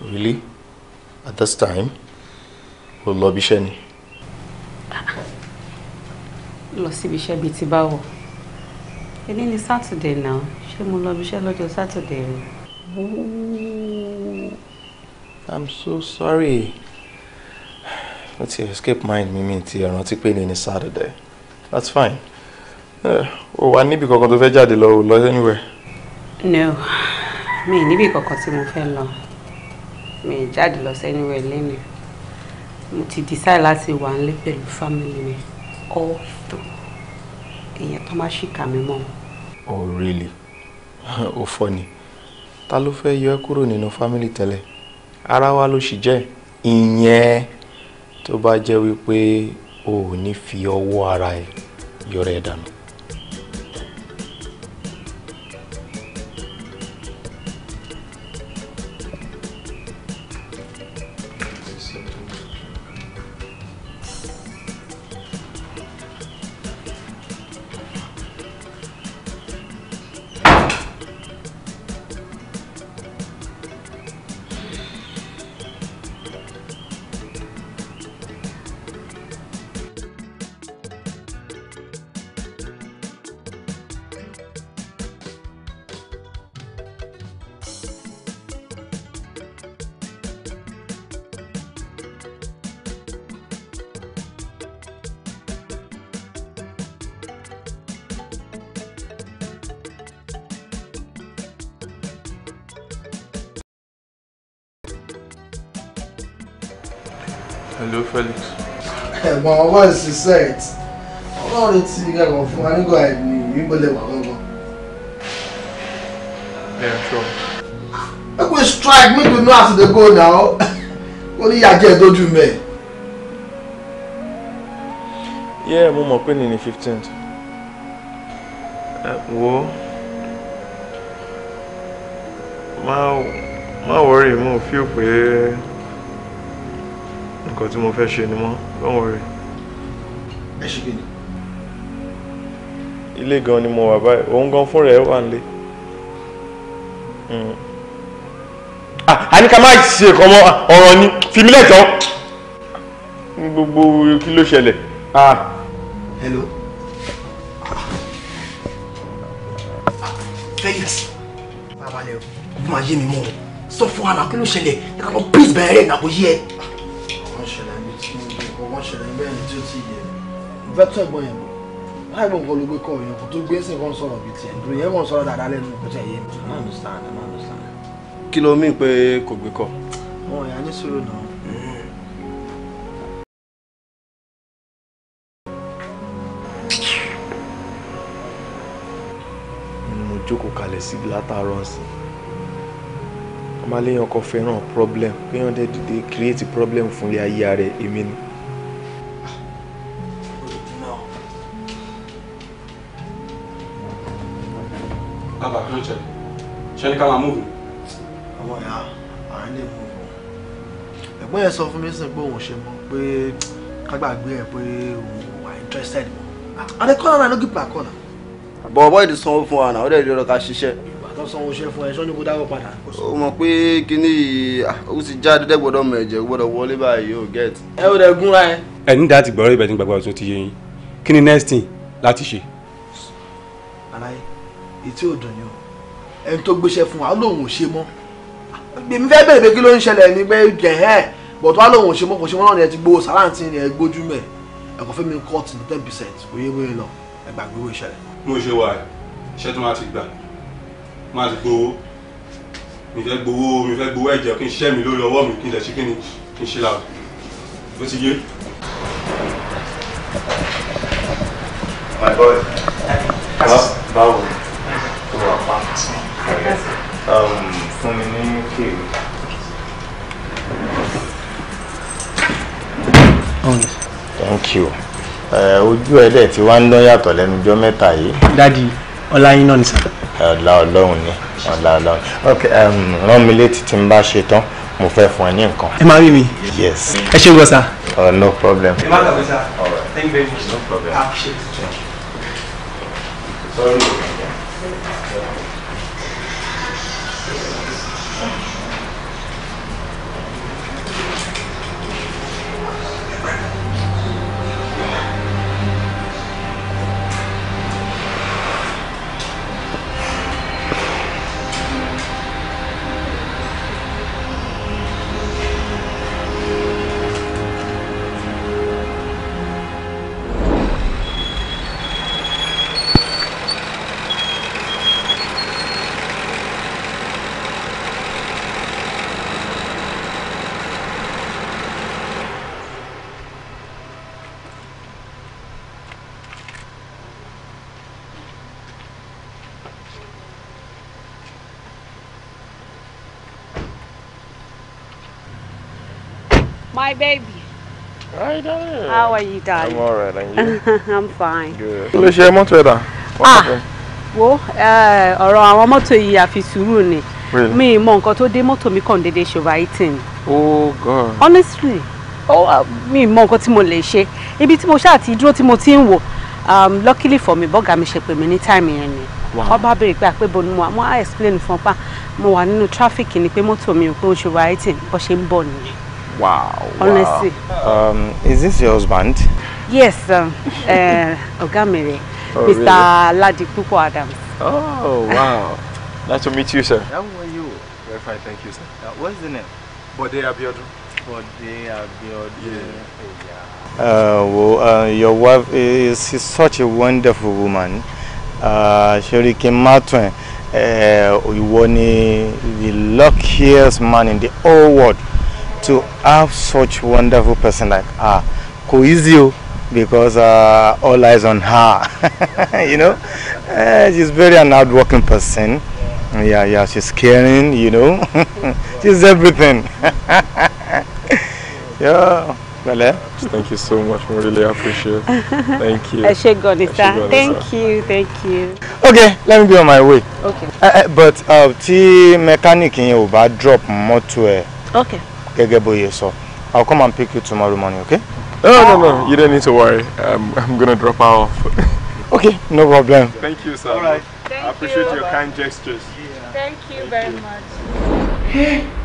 really at this time o lọ bí iṣẹ́ ni.
lọ síbi iṣẹ́ bíi ti báwo èmi ni sátidé náà ṣé mo lọ bí iṣẹ́
i'm so sorry Let's ti escape mind mi mi ti not pé ní ní saturday that's fine Oh, I need to go to jáde lọ ò lọ anywhere.
no mi níbi kankan tí mo fẹ́ lọ mi jáde lọ sẹ́niwẹ̀ lẹ́nu mo ti decide láti wà nílé pẹ̀lú family mi ọ̀tọ̀ èèyàn tó má ṣìkà mi mọ́.
oh really <laughs> ó fọ́ ni ta ló fẹ́ yọ ẹ́ kúrò nínú family tẹ́lẹ̀ ara wa ló sì jẹ́ ìyẹn tó bá jẹ́ wípé o ò ní fi ọwọ́ ara ẹ yọrẹ dànù. ọwọ́ ìṣiṣẹ́ ẹ̀ tí ọlọ́run ti gàgàn fún wa nígbà ìgbọ́lẹ̀ wà gangan. make we strike make we know as e dey go now <laughs> ó ní yàjẹ́ dojú mẹ́. yẹ́ mo mọ̀ pé ní ní fifteenth wo má worry mo feel pé nǹkan tí mo fẹ́ ṣe ni mọ́ don't worry. ilé gan ni mo wà báyìí òun gan fúnra ẹ̀ wà nílé. Hmm. Ah, a ní ká má ṣe nǹkan mọ́ ọ̀rọ̀ ni fìmí lẹ́tọ́ ní gbogbo kí ló ṣẹlẹ̀. Ah. hello felix babalẹ̀ o kò máa yé mi mọ́ o sọ fún àná kí ló ṣẹlẹ̀ ẹ̀ka lọ bí ìbẹ̀rẹ̀ náà kò yé ẹ. ṣẹlẹ̀ ní bẹ́ẹ̀ ni tí ó ti yẹ. ìfẹ́ tó yẹn láì mọ̀ nǹkan ló gbé kọ́ èèyàn kò tó gbé ẹ̀sìn kan sọ̀rọ̀ bíi tiẹ̀ nítorí ẹ̀ wọ́n sọ̀rọ̀ dáadáa lẹ́nu ìpẹ́tẹ́ yé mi. I understand, I understand. kí ló mí pé kò gbé kọ́. wọn ò yà ní sùúrù náà. mo jókòó kalẹ̀ síbi látàárọ̀ ọ̀sìn ọmọléyàn kan fẹ́ràn problem kéèyàn dẹ́ dìde create problem fúnlé ayé rẹ̀ èmi ni. ṣe ní ká máa múùfù. ọmọ ìyá àárín lè mú un. ẹ̀gbọ́n yẹn sọ fún mi sìn pé òun ṣe mọ́ pé kágbàgbé ẹ̀ pé òun wà interested mọ́. àdékọ́lá náà ló gípò àkọ́lá. àbọ̀ bọ́ọ̀lù ti sanwó fún wa náà ó dẹ̀ lọ́rọ̀ ká ṣiṣẹ́ tó sanwó ṣe fún ẹ sọ ní kó dáwọ́ padà. o mọ̀ pé kíní o ah, sì já dédé gbọ́dọ̀ mọ̀ ẹ̀jẹ̀ gbọ́dọ̀ wọlé báyìí get. ẹ ò dẹ̀ gúnra ẹ. ẹ ní dáa ti gbọ́rọ̀ ibẹ̀ ní gbàgbọ́ tó ti yé yín kí ni next thing láti ṣe. àlàyé ètí ò dùn ni o ẹni tó gbéṣẹ́ fún wa lóun ò ṣe mọ́ èmi fẹ́ bèrè pé kí ló ń ṣẹlẹ̀ ní pé jẹ̀hẹ́ bọ̀tọ́ wa lóun ò ṣe mọ́ kò ṣe mọ́ náà ni ẹ ti gbowó sàrántì ni ẹ gbójú mẹ́ ẹ̀kọ́ fẹ́mi cut ní ten percent kò yé wọ́n lọ ẹ gbàgbé owó ìṣẹ̀lẹ̀. mo ṣe wà iṣẹ́ tó máa ti gbà máa ti gbowó mi fẹ́ gbowó mi fẹ́ gbowó ẹ̀jẹ̀ kí n ṣiṣẹ́ mi lórí ọwọ́ mi kí n lè ṣe kí ni kí n ṣe làwọn bó ti yé. My boy. Um, fún mi ní kéwì. thank you ojú ẹ̀ dẹ̀ tí wá ń dán yàtọ̀ lẹ́nu ọjọ́ mẹ́ta yìí. dadi ọlá yín náà ni sá. ọlá ọlọ́run ni ọlá ọlọ́run ok um, rán mi létí tí n bá ṣe tán mo fẹ́ fún ẹ ní nǹkan. ẹ máa rí mi. yes. ẹ ṣe gbọ́ sá. oh no problem. ẹ má kàwé sá. all right thank you very much. no problem. i appreciate it. sorry.
my baby.
Hi, darling.
How are you, darling? I'm alright. and you? <laughs> I'm fine.
Good. Kí ló ṣe mọ́tò ẹ̀dá? Ah,
wo eh, ọ̀rọ̀ àwọn mọ́tò yìí àfi sùúrù ni. Mi mọ nǹkan tó dé mọ́tò mi kàn déédéé ṣòváìtìn.
Oh God.
Honestly, ah, mi mọ nǹkan tí mo lè ṣe. Ibi tí mo ṣáà ti dúró tí mo ti ń wò. Um, luckily for me, bọ́gà mi ṣe pè mí ní táìmù yẹn ni. Wọ́n bá béèrè pé àpébò ni mo wà. Mo á explain fún ọ pa mo wà nínú tráfíkì ni pé mọ́tò mi ò pé ó ṣòváìtìn bó ṣe ń bọ̀ nìyẹn. Wow. Honestly.
Wow. Um, is this your husband?
Yes, um, uh, <laughs> Ọ̀gá Oh, Mr. Really? Ladipupo Adams. Oh, wow.
<laughs> nice to meet you, sir. How are you? Very fine, thank you, sir. Uh, what is the name? Bode Abiodun. Bode Abiodun. Yeah. Uh, well, uh, your wife is she's such a wonderful woman. Uh, Sherikin Matwen, uh, you were the luckiest man in the whole world. to have such wonderful person like her who is you because uh, all eyes on her <laughs> you know uh, she's very an hardworking person yeah yeah she's caring you know <laughs> she's everything <laughs> yeah Vale. Eh? Thank you so much. We really appreciate it. Thank you.
Thank you. Thank you.
Okay, let me be on my way. Okay. Uh, but uh, tí mechanic in your bá drop mọ́tò Okay. gẹ́gẹ́ bó yẹ sọ I'll come and pick you tomorrow morning okay. no no no you don't need to worry I'm, um, I'm gonna drop her off. <laughs> okay no problem. Thank you sir. All right. Thank I appreciate you. your kind gestures. Yeah. Thank you Thank very you. much.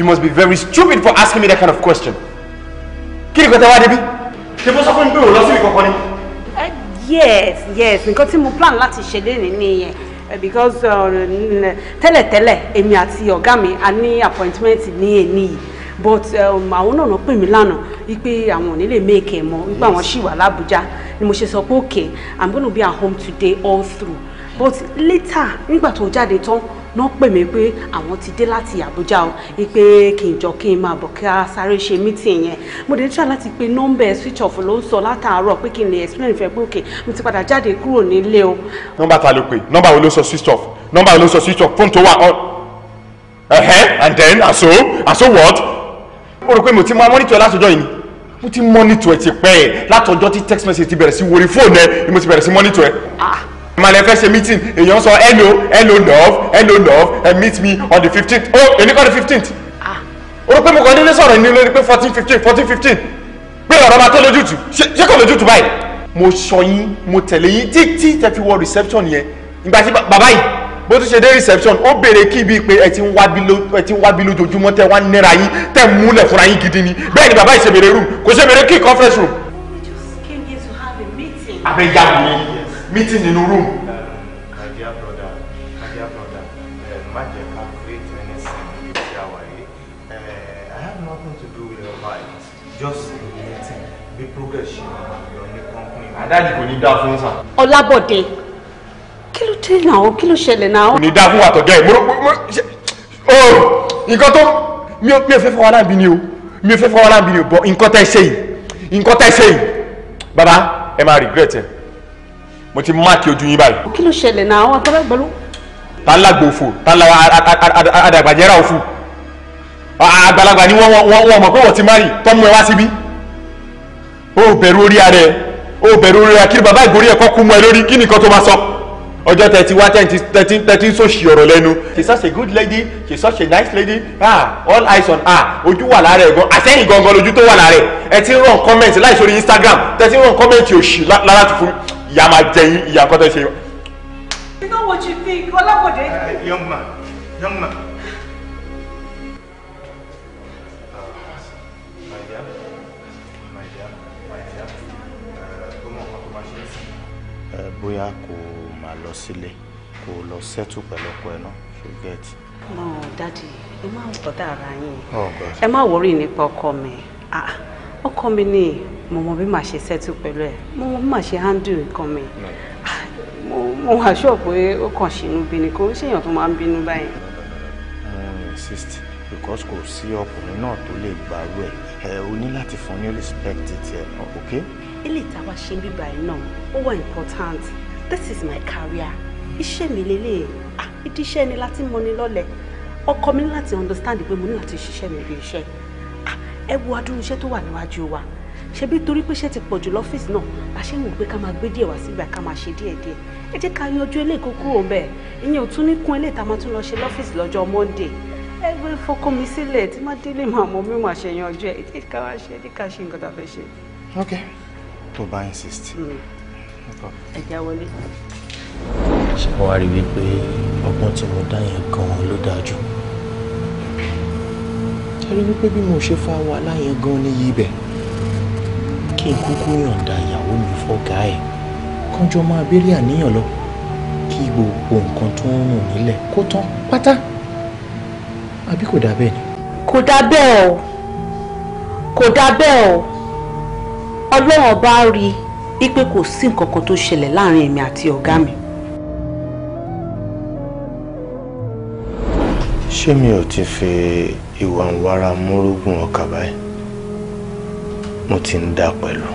You must be very stupid for asking me that kind of question. Kí ni kò tẹ́ wá débi? Ṣé mo sọ fún mi pé o lọ sí ìkọ̀ ni?
Uh, yes, yes, nǹkan tí mo plan láti ṣe lénìí nìyẹn uh, because tẹ́lẹ̀tẹ́lẹ̀ uh, èmi àti ọ̀gá mi a ní appointment ní èmi yìí but um, àwọn náà pè mí lánàá wípé àwọn ò ní lè make ẹ̀ mọ́ wípé àwọn ṣì wà l'Abuja ni mo ṣe sọ pé okay I'm gonna be at home today all through but later nígbà tó jáde tán náà pè mí pé àwọn ti dé láti Àbújá o pé kí n jọ kí n máa bọ̀ kí a sáré ṣe mítìn yẹn mo dé tíra láti pé nọ́mbà switch off ló ń sọ látàárọ̀ pé kí n lè explain fẹ́ pé òkè mo ti padà jáde kúrò nílé o.
nọ́mbà ta ló pè nọ́mbà wo ló sọ switch off nọ́mbà wo ló sọ switch off fóònù tó wà on ẹ̀hẹ́ and then aso aso what o rò pé mo ti mọ amọ́nítọ̀ látọjọ́ yìí ni mo ti mọ́nítọ̀ ẹ̀ ti pẹ́ ẹ̀ látọjọ́ tí text message ti bẹ̀rẹ̀ sí wọrí fóònù ẹ̀ ni mo ti bẹ̀rẹ̀ sí mọ́nítọ̀ ẹ̀. Ah, màlẹ̀ fẹ́ ṣe meeting èèyàn sọ hello hello love hello love and eh, meet me on the fifteenth oh èmi kọ́ the fifteenth orúkọ ah. mi kọ́ nílé sọ̀rọ̀ nílé ni pé fourteen fifteen fourteen fifteen pé ọ̀rọ̀ máa tó lójútùú ṣé kò lójútùú báyìí mo sọ yín mo tẹ̀lé yín títí tẹ fi wọ reception yẹn ìgbà tí bàbá yìí bó tún ṣe dé reception ó béèrè kí bíi pé ẹ ti ń wá bí lójoojúmọ́ tẹ wá ń nẹ́ra yín tẹ ń múlẹ̀ fúnra yín gidi ni bẹ́ẹ̀ ni bàbá yìí ṣe béèrè room kò ṣe béèrè kí conference room. we
just came here to have a meeting.
abẹ́ yàgò yín meeting nínú room. Uh, my brother my brother uh, má jẹ́ create anything ṣe àwáyé i have nothing to do with your life just a meeting bí progress ṣe your new company. àdáàdì kò ní dá fún sàn.
ọlábọ̀dé kí ló dé náà kí ló ṣẹlẹ̀
náà. kò ní dá fún àtọ̀gá
ẹ̀ mo mo ṣe o oh, nǹkan tó mi ò fẹ́ fọwọ́ láàbí ni o mi ò fẹ́ fọwọ́ láàbí ni o bọ̀ nǹkan tẹ́ ṣe yìí nǹkan tẹ́ ṣe yìí baba ẹ máa regret ẹ mo ti máàkì ojú yín báyìí.
kí ló ṣẹlẹ̀ náà àwọn akẹ́rẹ́ gbẹ́lú.
ta ń lágbo òfò ta ń la àdàgbàjẹ́ra òfò àgbàlagbà ni wọ́n mọ̀ pé wọ́n ti márì tọ́mú ẹ wá síbí. ó bẹ̀rù orí ara ẹ ó bẹ̀rù orí ara kí ni bàbá ìgòrí ẹ̀kọ́ kú mọ́ ẹ lórí kí ni nǹkan tó máa sọ. ọjọ́ tẹ̀tí wá tẹ̀tí ń sòṣì ọ̀rọ̀ lẹ́nu. she such a good lady she such a nice lady ah all eyes on her ojú wà lára ẹ̀ gan àsẹ́yìn gangan lójú tó wà lára ẹ̀ ẹ ti ń ràn kọ́mẹ̀ntì láìsórí Instagram tẹ̀tí ń ràn kọ́mẹ̀ntì òṣì lára ti fún mi ìyá máa jẹ yín ìyá kọ́tọ́ ṣe.
you know what you think ọlábọ̀dé. Uh, young man
young man. Eh, eh, bóyá kò máa lọ sílé kò lọ sẹ́tù pẹ̀lú ọkọ ẹ̀ náà you get.
no daddy ẹ má wọ dára yín ẹ má worry nípa ọkọ mi. Oh, ọkọ mi ni mo mọ bí màá ṣe settle pẹ̀lú ẹ̀ mo mọ bí màá ṣe handle nǹkan mi mo wà sọ pé ó kàn sínú bí ni kò ń ṣèyàn tó máa ń bínú báyìí.
mo insist because kò sí ọkùnrin náà tó lè gbàrú ẹ ẹ o ní láti fún ní respect tiẹ ok.
ilé ìtawà ṣe ń bíbá ẹ náà ó wà important this is my career iṣẹ́ mi lélẹ̀ ah, ìdí iṣẹ́ ni láti mọni lọ́lẹ̀ ọkọ mi ní láti understand pé mo ní láti ṣiṣẹ́ mi bí iṣẹ́ ah, ẹ wo adúrú iṣẹ́ tó wà níwájú wa ṣebí torí pé iṣẹ́ ti pọ̀ jù lọ́fíìsì náà la ṣe ń wò pé ká máa gbé díẹ̀ wá síbi ká máa ṣe díẹ̀ díẹ̀ ẹ jẹ́ ká yanjú eléyìí kó kúrò bẹ́ẹ̀ ìyẹn ò tún ní kún eléyìí a máa tún lọ ṣe lọ́fíìsì lọ́jọ́ monday ẹ gbé fọkàn mi sílẹ̀ tí má délé máa mọ mi máa ṣe yanjú ẹ jẹ́ ká wá ṣe ẹ ká ṣe nǹkan tá a fẹ́ ṣe.
ok tó bá insist.
Mm. ẹ já wọlé.
ṣé wàá rí wípé ọgbọ́n tí mo dá yẹn gan-an ló dáa jù torí wípé bí mo ṣe fa wàhálà yẹn gan níyì ibẹ̀ kí n kúkú yọ̀ǹda ìyàwó mi fọ́gà ẹ̀ kánjọ máa béèrè àníyàn lọ kí gbogbo nǹkan tó ń rùn nílẹ̀ kó tán pátá àbí kò dà bẹ́ẹ̀ ni.
kò dà bẹ́ẹ̀ o kò dà bẹ́ẹ̀ o ọlọ́run bá rí i wípé kò sí nǹkan kan tó ṣẹlẹ̀ láàrin èmi àti ọ̀gá mi. Mm
ṣé mi ò ti fi ìwà ń wára múrùgùn ọkà báyìí mo ti ń dá pẹ̀lú.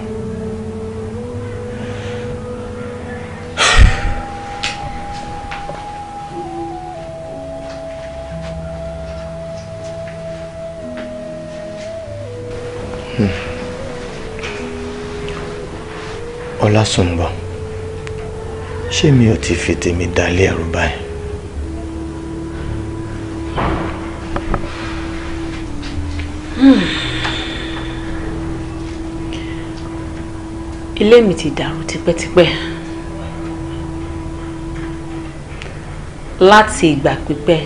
Hmm. Ọlásùnbọ̀ ṣé mi ò ti fi tèmi dalẹ̀ ẹ̀rù báyìí.
ilé mi ti dàrú tipẹ́tipẹ́ láti ìgbà pípẹ́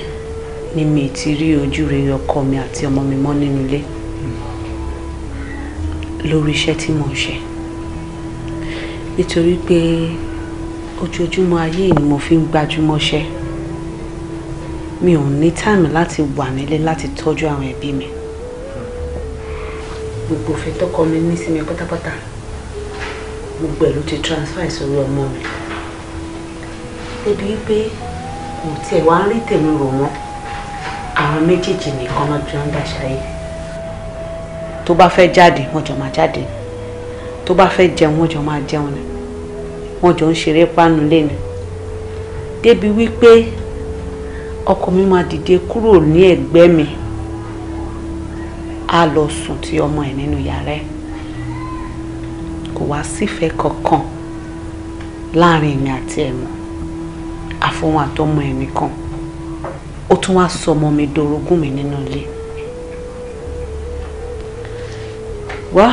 ni mi ti rí ojú rere ọkọ mi àti ọmọ mi mọ́ nínú ilé lórí iṣẹ́ tí mò ń ṣe nítorí pé ojoojúmọ́ ayé ni mo fi ń gbajúmọ́ṣẹ́ mi ò ní táìmì láti wà nílé láti tọ́jú àwọn ẹbí mi gbogbo ìfẹ́ tọkọ mi ní sí pátápátá gbogbo ẹ̀ ló ti transfer ìṣòro ọmọ mi débi wípé kò tiẹ̀ wá ń rí tèmi rò wọ́n àwọn méjèèjì nìkan náà jọ ń dàṣà yìí tó bá fẹ́ jáde wọ́n jọ máa jáde tó bá fẹ́ jẹun wọ́n jọ máa jẹun ni wọ́n jọ ń ṣeré pánu lẹ́nu débi wípé ọkọ mi máa dìde kúrò ní ẹ̀gbẹ́ mi á lọ sùn tí ọmọ ẹ̀ nínú yàrá ẹ̀ kò wá sífẹ̀ẹ́ kankan láàrin èmi àti ẹ̀mọ́ àfohùn àtọmọ ẹ̀mí kan ó tún wá sọ ọmọ mi dorogún mi nínú ilé wá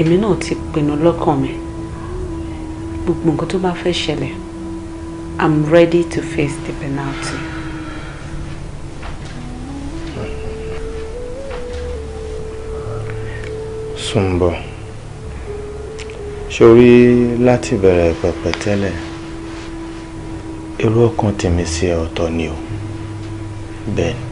èmi náà ti pinnu lọ́kàn mi gbogbo nǹkan tó bá fẹ́ ṣẹlẹ̀ I'm ready to face the penalty.
sùn ń bọ̀ sórí láti bẹ̀rẹ̀ pẹ̀pẹ̀ tẹ́lẹ̀ irú ọkàn tèmi sí ẹ ọ̀tọ̀ ni o bẹ́ẹ̀ ni.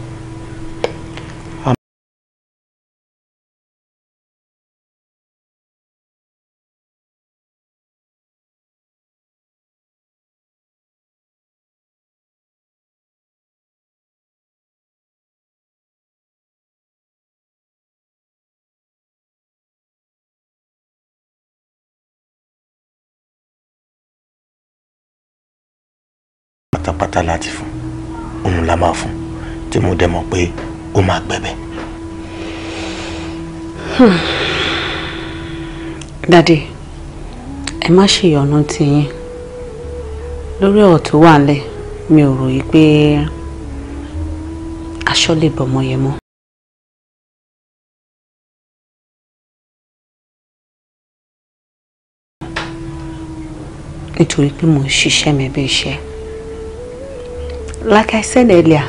pátápátá láti fún òun la máa fún tí mo dẹ̀ mọ̀ pé ó máa gbẹ̀bẹ̀.
Hmm. dádì ẹ má ṣèyọnu tiyín lórí ọ̀rọ̀ tó wà ńlẹ̀ mi ò ròyìn pé aṣọ lè bọ̀mọ yẹn mọ́. nítorí pé mo ń ṣiṣẹ́ mi bí iṣẹ́. Like I said earlier,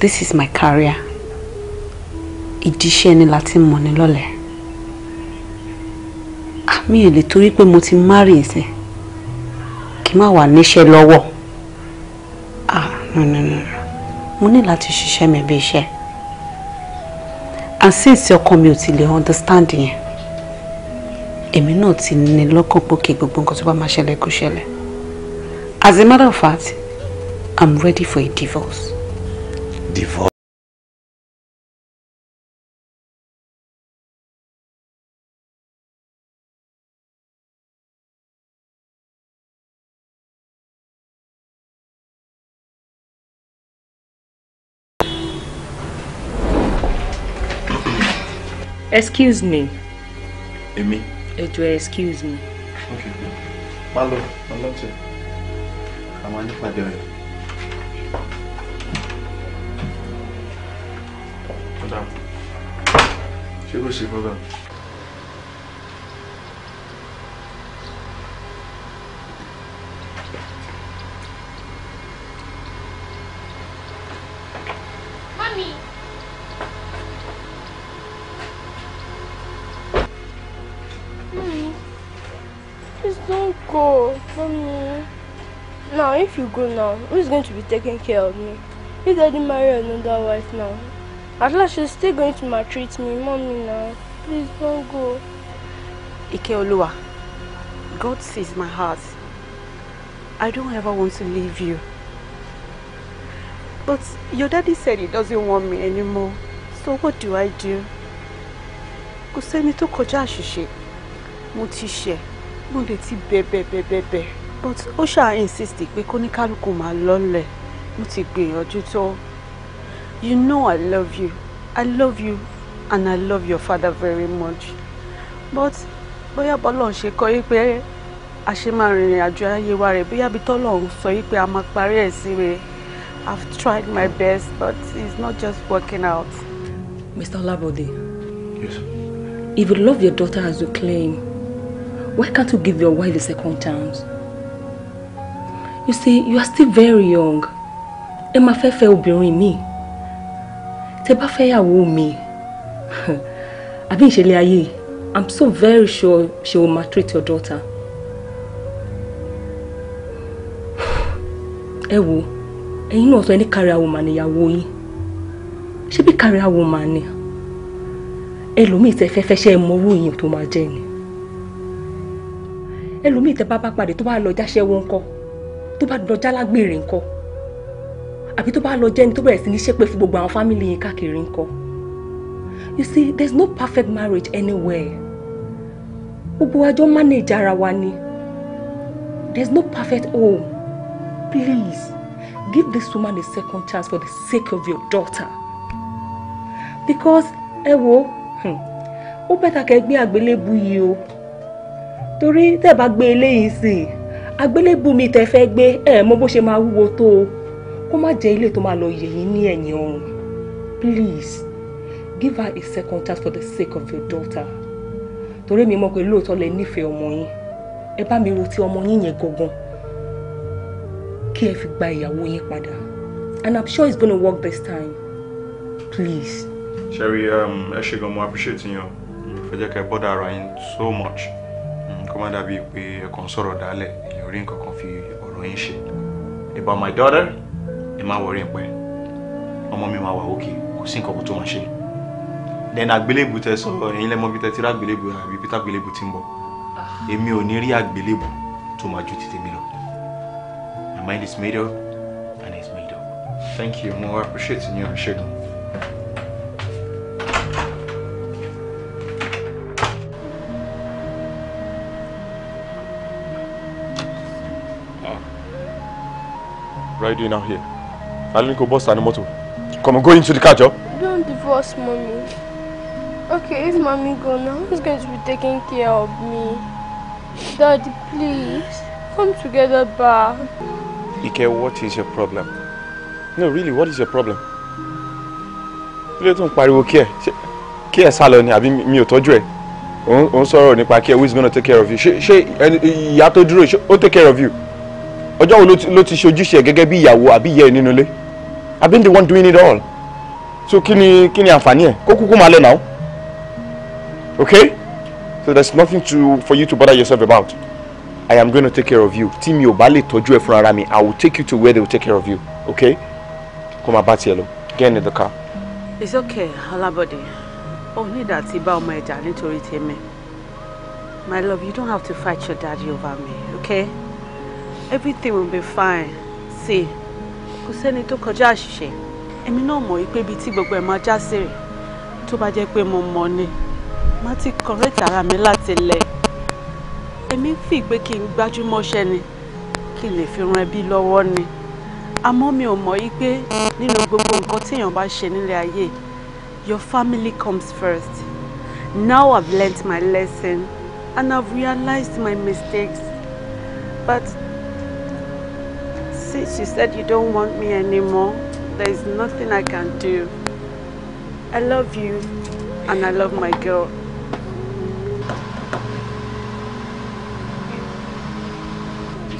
this is my career. Ìdí iṣẹ́ ni láti mọ̀ ní lọ́lẹ̀. Àmì ah, ò lè torí pé mo ti márì ẹ̀sìn kí má wà níṣẹ́ lọ́wọ́. Ah, no, no, no. Mo ní láti ṣiṣẹ́ mi iṣẹ́. And since ọkàn mi ò ti lè understand yẹn, èmi náà ti ní lọ́kàn pókè gbogbo nǹkan tó bá máa ṣẹlẹ̀ kó ṣẹlẹ̀. As a matter of fact, I'm ready for a divorce. Divorce?
Excuse me. Amy. Ẹ jọ̀ọ́ excuse me.
Okay. Malo, malo I'm on nípàdé ọ̀yọ́. 长，结果媳妇问。
go mommy now if you go now who's going to be taking care of me if daddy married another wife now At last, she's still going to maltreat me, mommy. Now, please don't go.
Ikeoluwa, God sees my heart. I don't ever want to leave you. But your daddy said he doesn't want me anymore. So what do I do? Kò sẹ́ni tó kọjá àṣìṣe. Mo ti ṣẹ̀, mo lè ti bẹ̀bẹ̀ bẹ̀bẹ̀ bẹ̀. But ó ṣáà we pé kóníkálukú máa lọ́lẹ̀. Mo ti gbìyànjú tó. You know I love you. I love you and I love your father very much. But bóyá bọ́lọ́run ṣe kọ́ yí pé a ṣe máa rìnrìn àjò ayé wa rẹ̀ bóyá bí tọ́lọ́run sọ yí pé a máa parí ẹ̀ sí rẹ̀. I've tried my best but it's not just working out.
Mr. Olabode. Yes. If you love your daughter as you claim, why can't you give your wife a second chance? You see, you are still very young. Ẹ máa fẹ́ fẹ́ obìnrin míì tẹ bá fẹ́ yàwó mi <laughs> àbí ìṣẹ̀lẹ̀ ayé i'm so very sure she will maltreat your daughter. <sighs> ẹ wo ẹ̀yin náà sọ ẹni kárí àwòmà níyàwó yín ṣé bí carrier woman. ni ẹlòmíì tẹ fẹ́fẹ́ ṣe é mọ owó èèyàn tó máa jẹ ni ẹlòmíì tẹ bá bá pàdé tó bá lọ jáṣẹ́ wọn kọ́ tó bá lọ jálágbèrè ńkọ́ àbí tó bá lọ jẹ́ ẹni tó bẹ̀rẹ̀ sí ní ṣépè fún gbogbo àwọn fámìlì yín káàkiri ńkọ́ you see there is no perfect marriage anywhere gbogbo àjọ manage ara wa ni there is no perfect home please give this woman a second chance for the sake of your daughter because ẹ wo hmm, ó bẹ́tà kẹ́ gbé àgbélébù yìí o torí tẹ́ bá gbé eléyìí sí àgbélébù mi tẹ́ fẹ́ gbé ẹ̀ mọ̀ bó ṣe máa wúwo tó o kó má jẹ́ ilé tó máa lọ yẹ̀yìn ní ẹ̀yìn ọ̀run please give her a second chance for the sake of your daughter torí mi mọ̀ pé lóòótọ́ lẹ nífẹ̀ẹ́ ọmọ yín ẹ bá mi ro ti ọmọ yín yẹn gangan kí ẹ fi gba ìyàwó yín padà and i'm sure it's gonna work this time please.
sherry um, ẹ ṣe gan mo appreciate yan fẹ́ jẹ́ kẹ́ bọ́dà ara yín so much mm, kó má dàbí pé ẹ kàn sọ̀rọ̀ dálẹ̀ èèyàn rí nǹkan kan fi ọ̀rọ̀ yín ṣe about my daughter ẹ má wọrí pẹ́ ọmọ mi máa wà òkè kò sí nǹkan kan tó máa ṣe then àgbélébù tẹ sọ ẹ̀yin lẹ́mọ bí tẹ ti rí àgbélébù àbí peter àgbélébù ti ń bọ̀ èmi ò ní rí àgbélébù tó máa ju títí mi lọ my mind is made up and it's made up thank you mo appreciate you ṣẹ́gun. right in now here. Alin kò bọ́sà ní motor. Come on, go into the car, Joe.
Don't divorce mommy. Okay, if mommy go now, who's going to be taking care of me? Daddy, please, come together back.
Ike, what is your problem? No, really, what is your problem? Kí ló tún pariwo care ẹ? Kí ẹ sá lọ ni àbí mi ò tọ́jú ẹ̀? Òun sọ̀rọ̀ nípa kí ẹ who is going to take care of you? She. Ṣé ìyá tó dúró ṣé ó take care of you? Ojo, wo ló ti ṣe ojúṣe ẹ̀ gẹ́gẹ́ bí ìyàwó àbí ìyá ẹ̀ nínú ilé? I've been the one doing it all so kini kini kí ni àǹfààní ẹ̀ kó kúkú máa okay so there's nothing to for you to bother yourself about I am going to take care of you tí mi ò bá lè tọ́jú ẹ fúnra ara mi I will take you to where they will take care of you okay kó máa bá tiẹ̀ lọ get in the car.
it's okay Alabode o ní ìdá tí bá ọmọ ẹja nítorí tèmi my love you don't have to fight your daddy over me okay everything will be fine see kò sẹ́ni tó kọjá àṣìṣe èmi náà mọ̀ wípé ibi tí gbogbo ẹ̀ máa já sí rẹ̀ tó bá jẹ́ pé mo mọ̀ ni má ti correct ara mi láti lẹ̀ èmi fi pé kí n gbájúmọ́ ni kí n lè fi ran ẹbí lọ́wọ́ ni àmọ́ mi ò mọ̀ wípé nínú gbogbo nǹkan téèyàn bá ṣe nílé ayé your family comes first now I've learnt my lesson and I've realized my mistakes but see, she said you don't want me anymore. There's nothing I can do. I love you and I love my girl.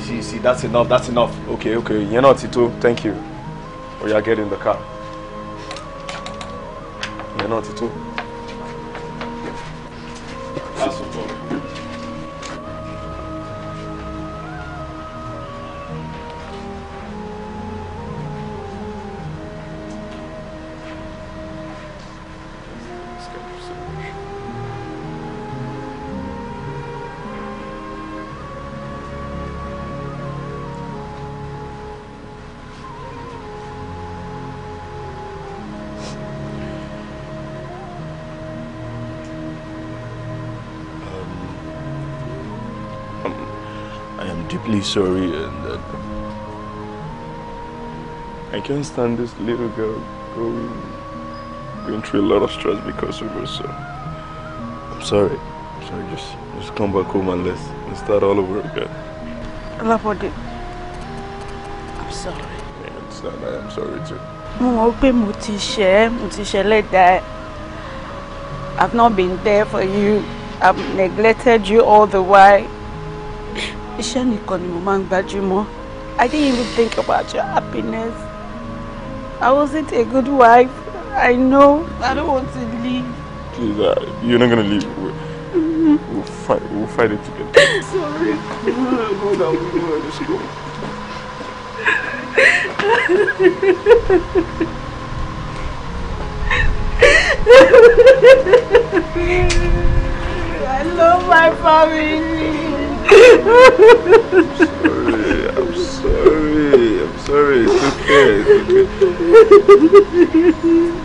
See, see, that's enough, that's enough. Okay, okay, you're not Tito, thank you. Or oh, you're getting the car. You're not Tito. really sorry and that I can't stand this little girl going going through a lot of stress because of her. So I'm sorry. I'm sorry. Just just come back home and let's let's start all over again. Olabode, I'm sorry. Yeah, it's not. I am sorry too.
Mo mọ̀ pé mo ti ṣe mo ti I've not been there for you. I've neglected you all the while iṣẹ́ nìkan ni mo máa ń gbájúmọ́ I didn't even think about your happiness I wasn't a good wife I know I don't want to leave.
Please, uh, you're not gonna leave. We'll, we'll fight. We'll fight it together. <laughs> Sorry. Go down. Go down. Just go.
I love my family. I'm
sorry, I'm sorry, I'm sorry, it's okay, it's
okay.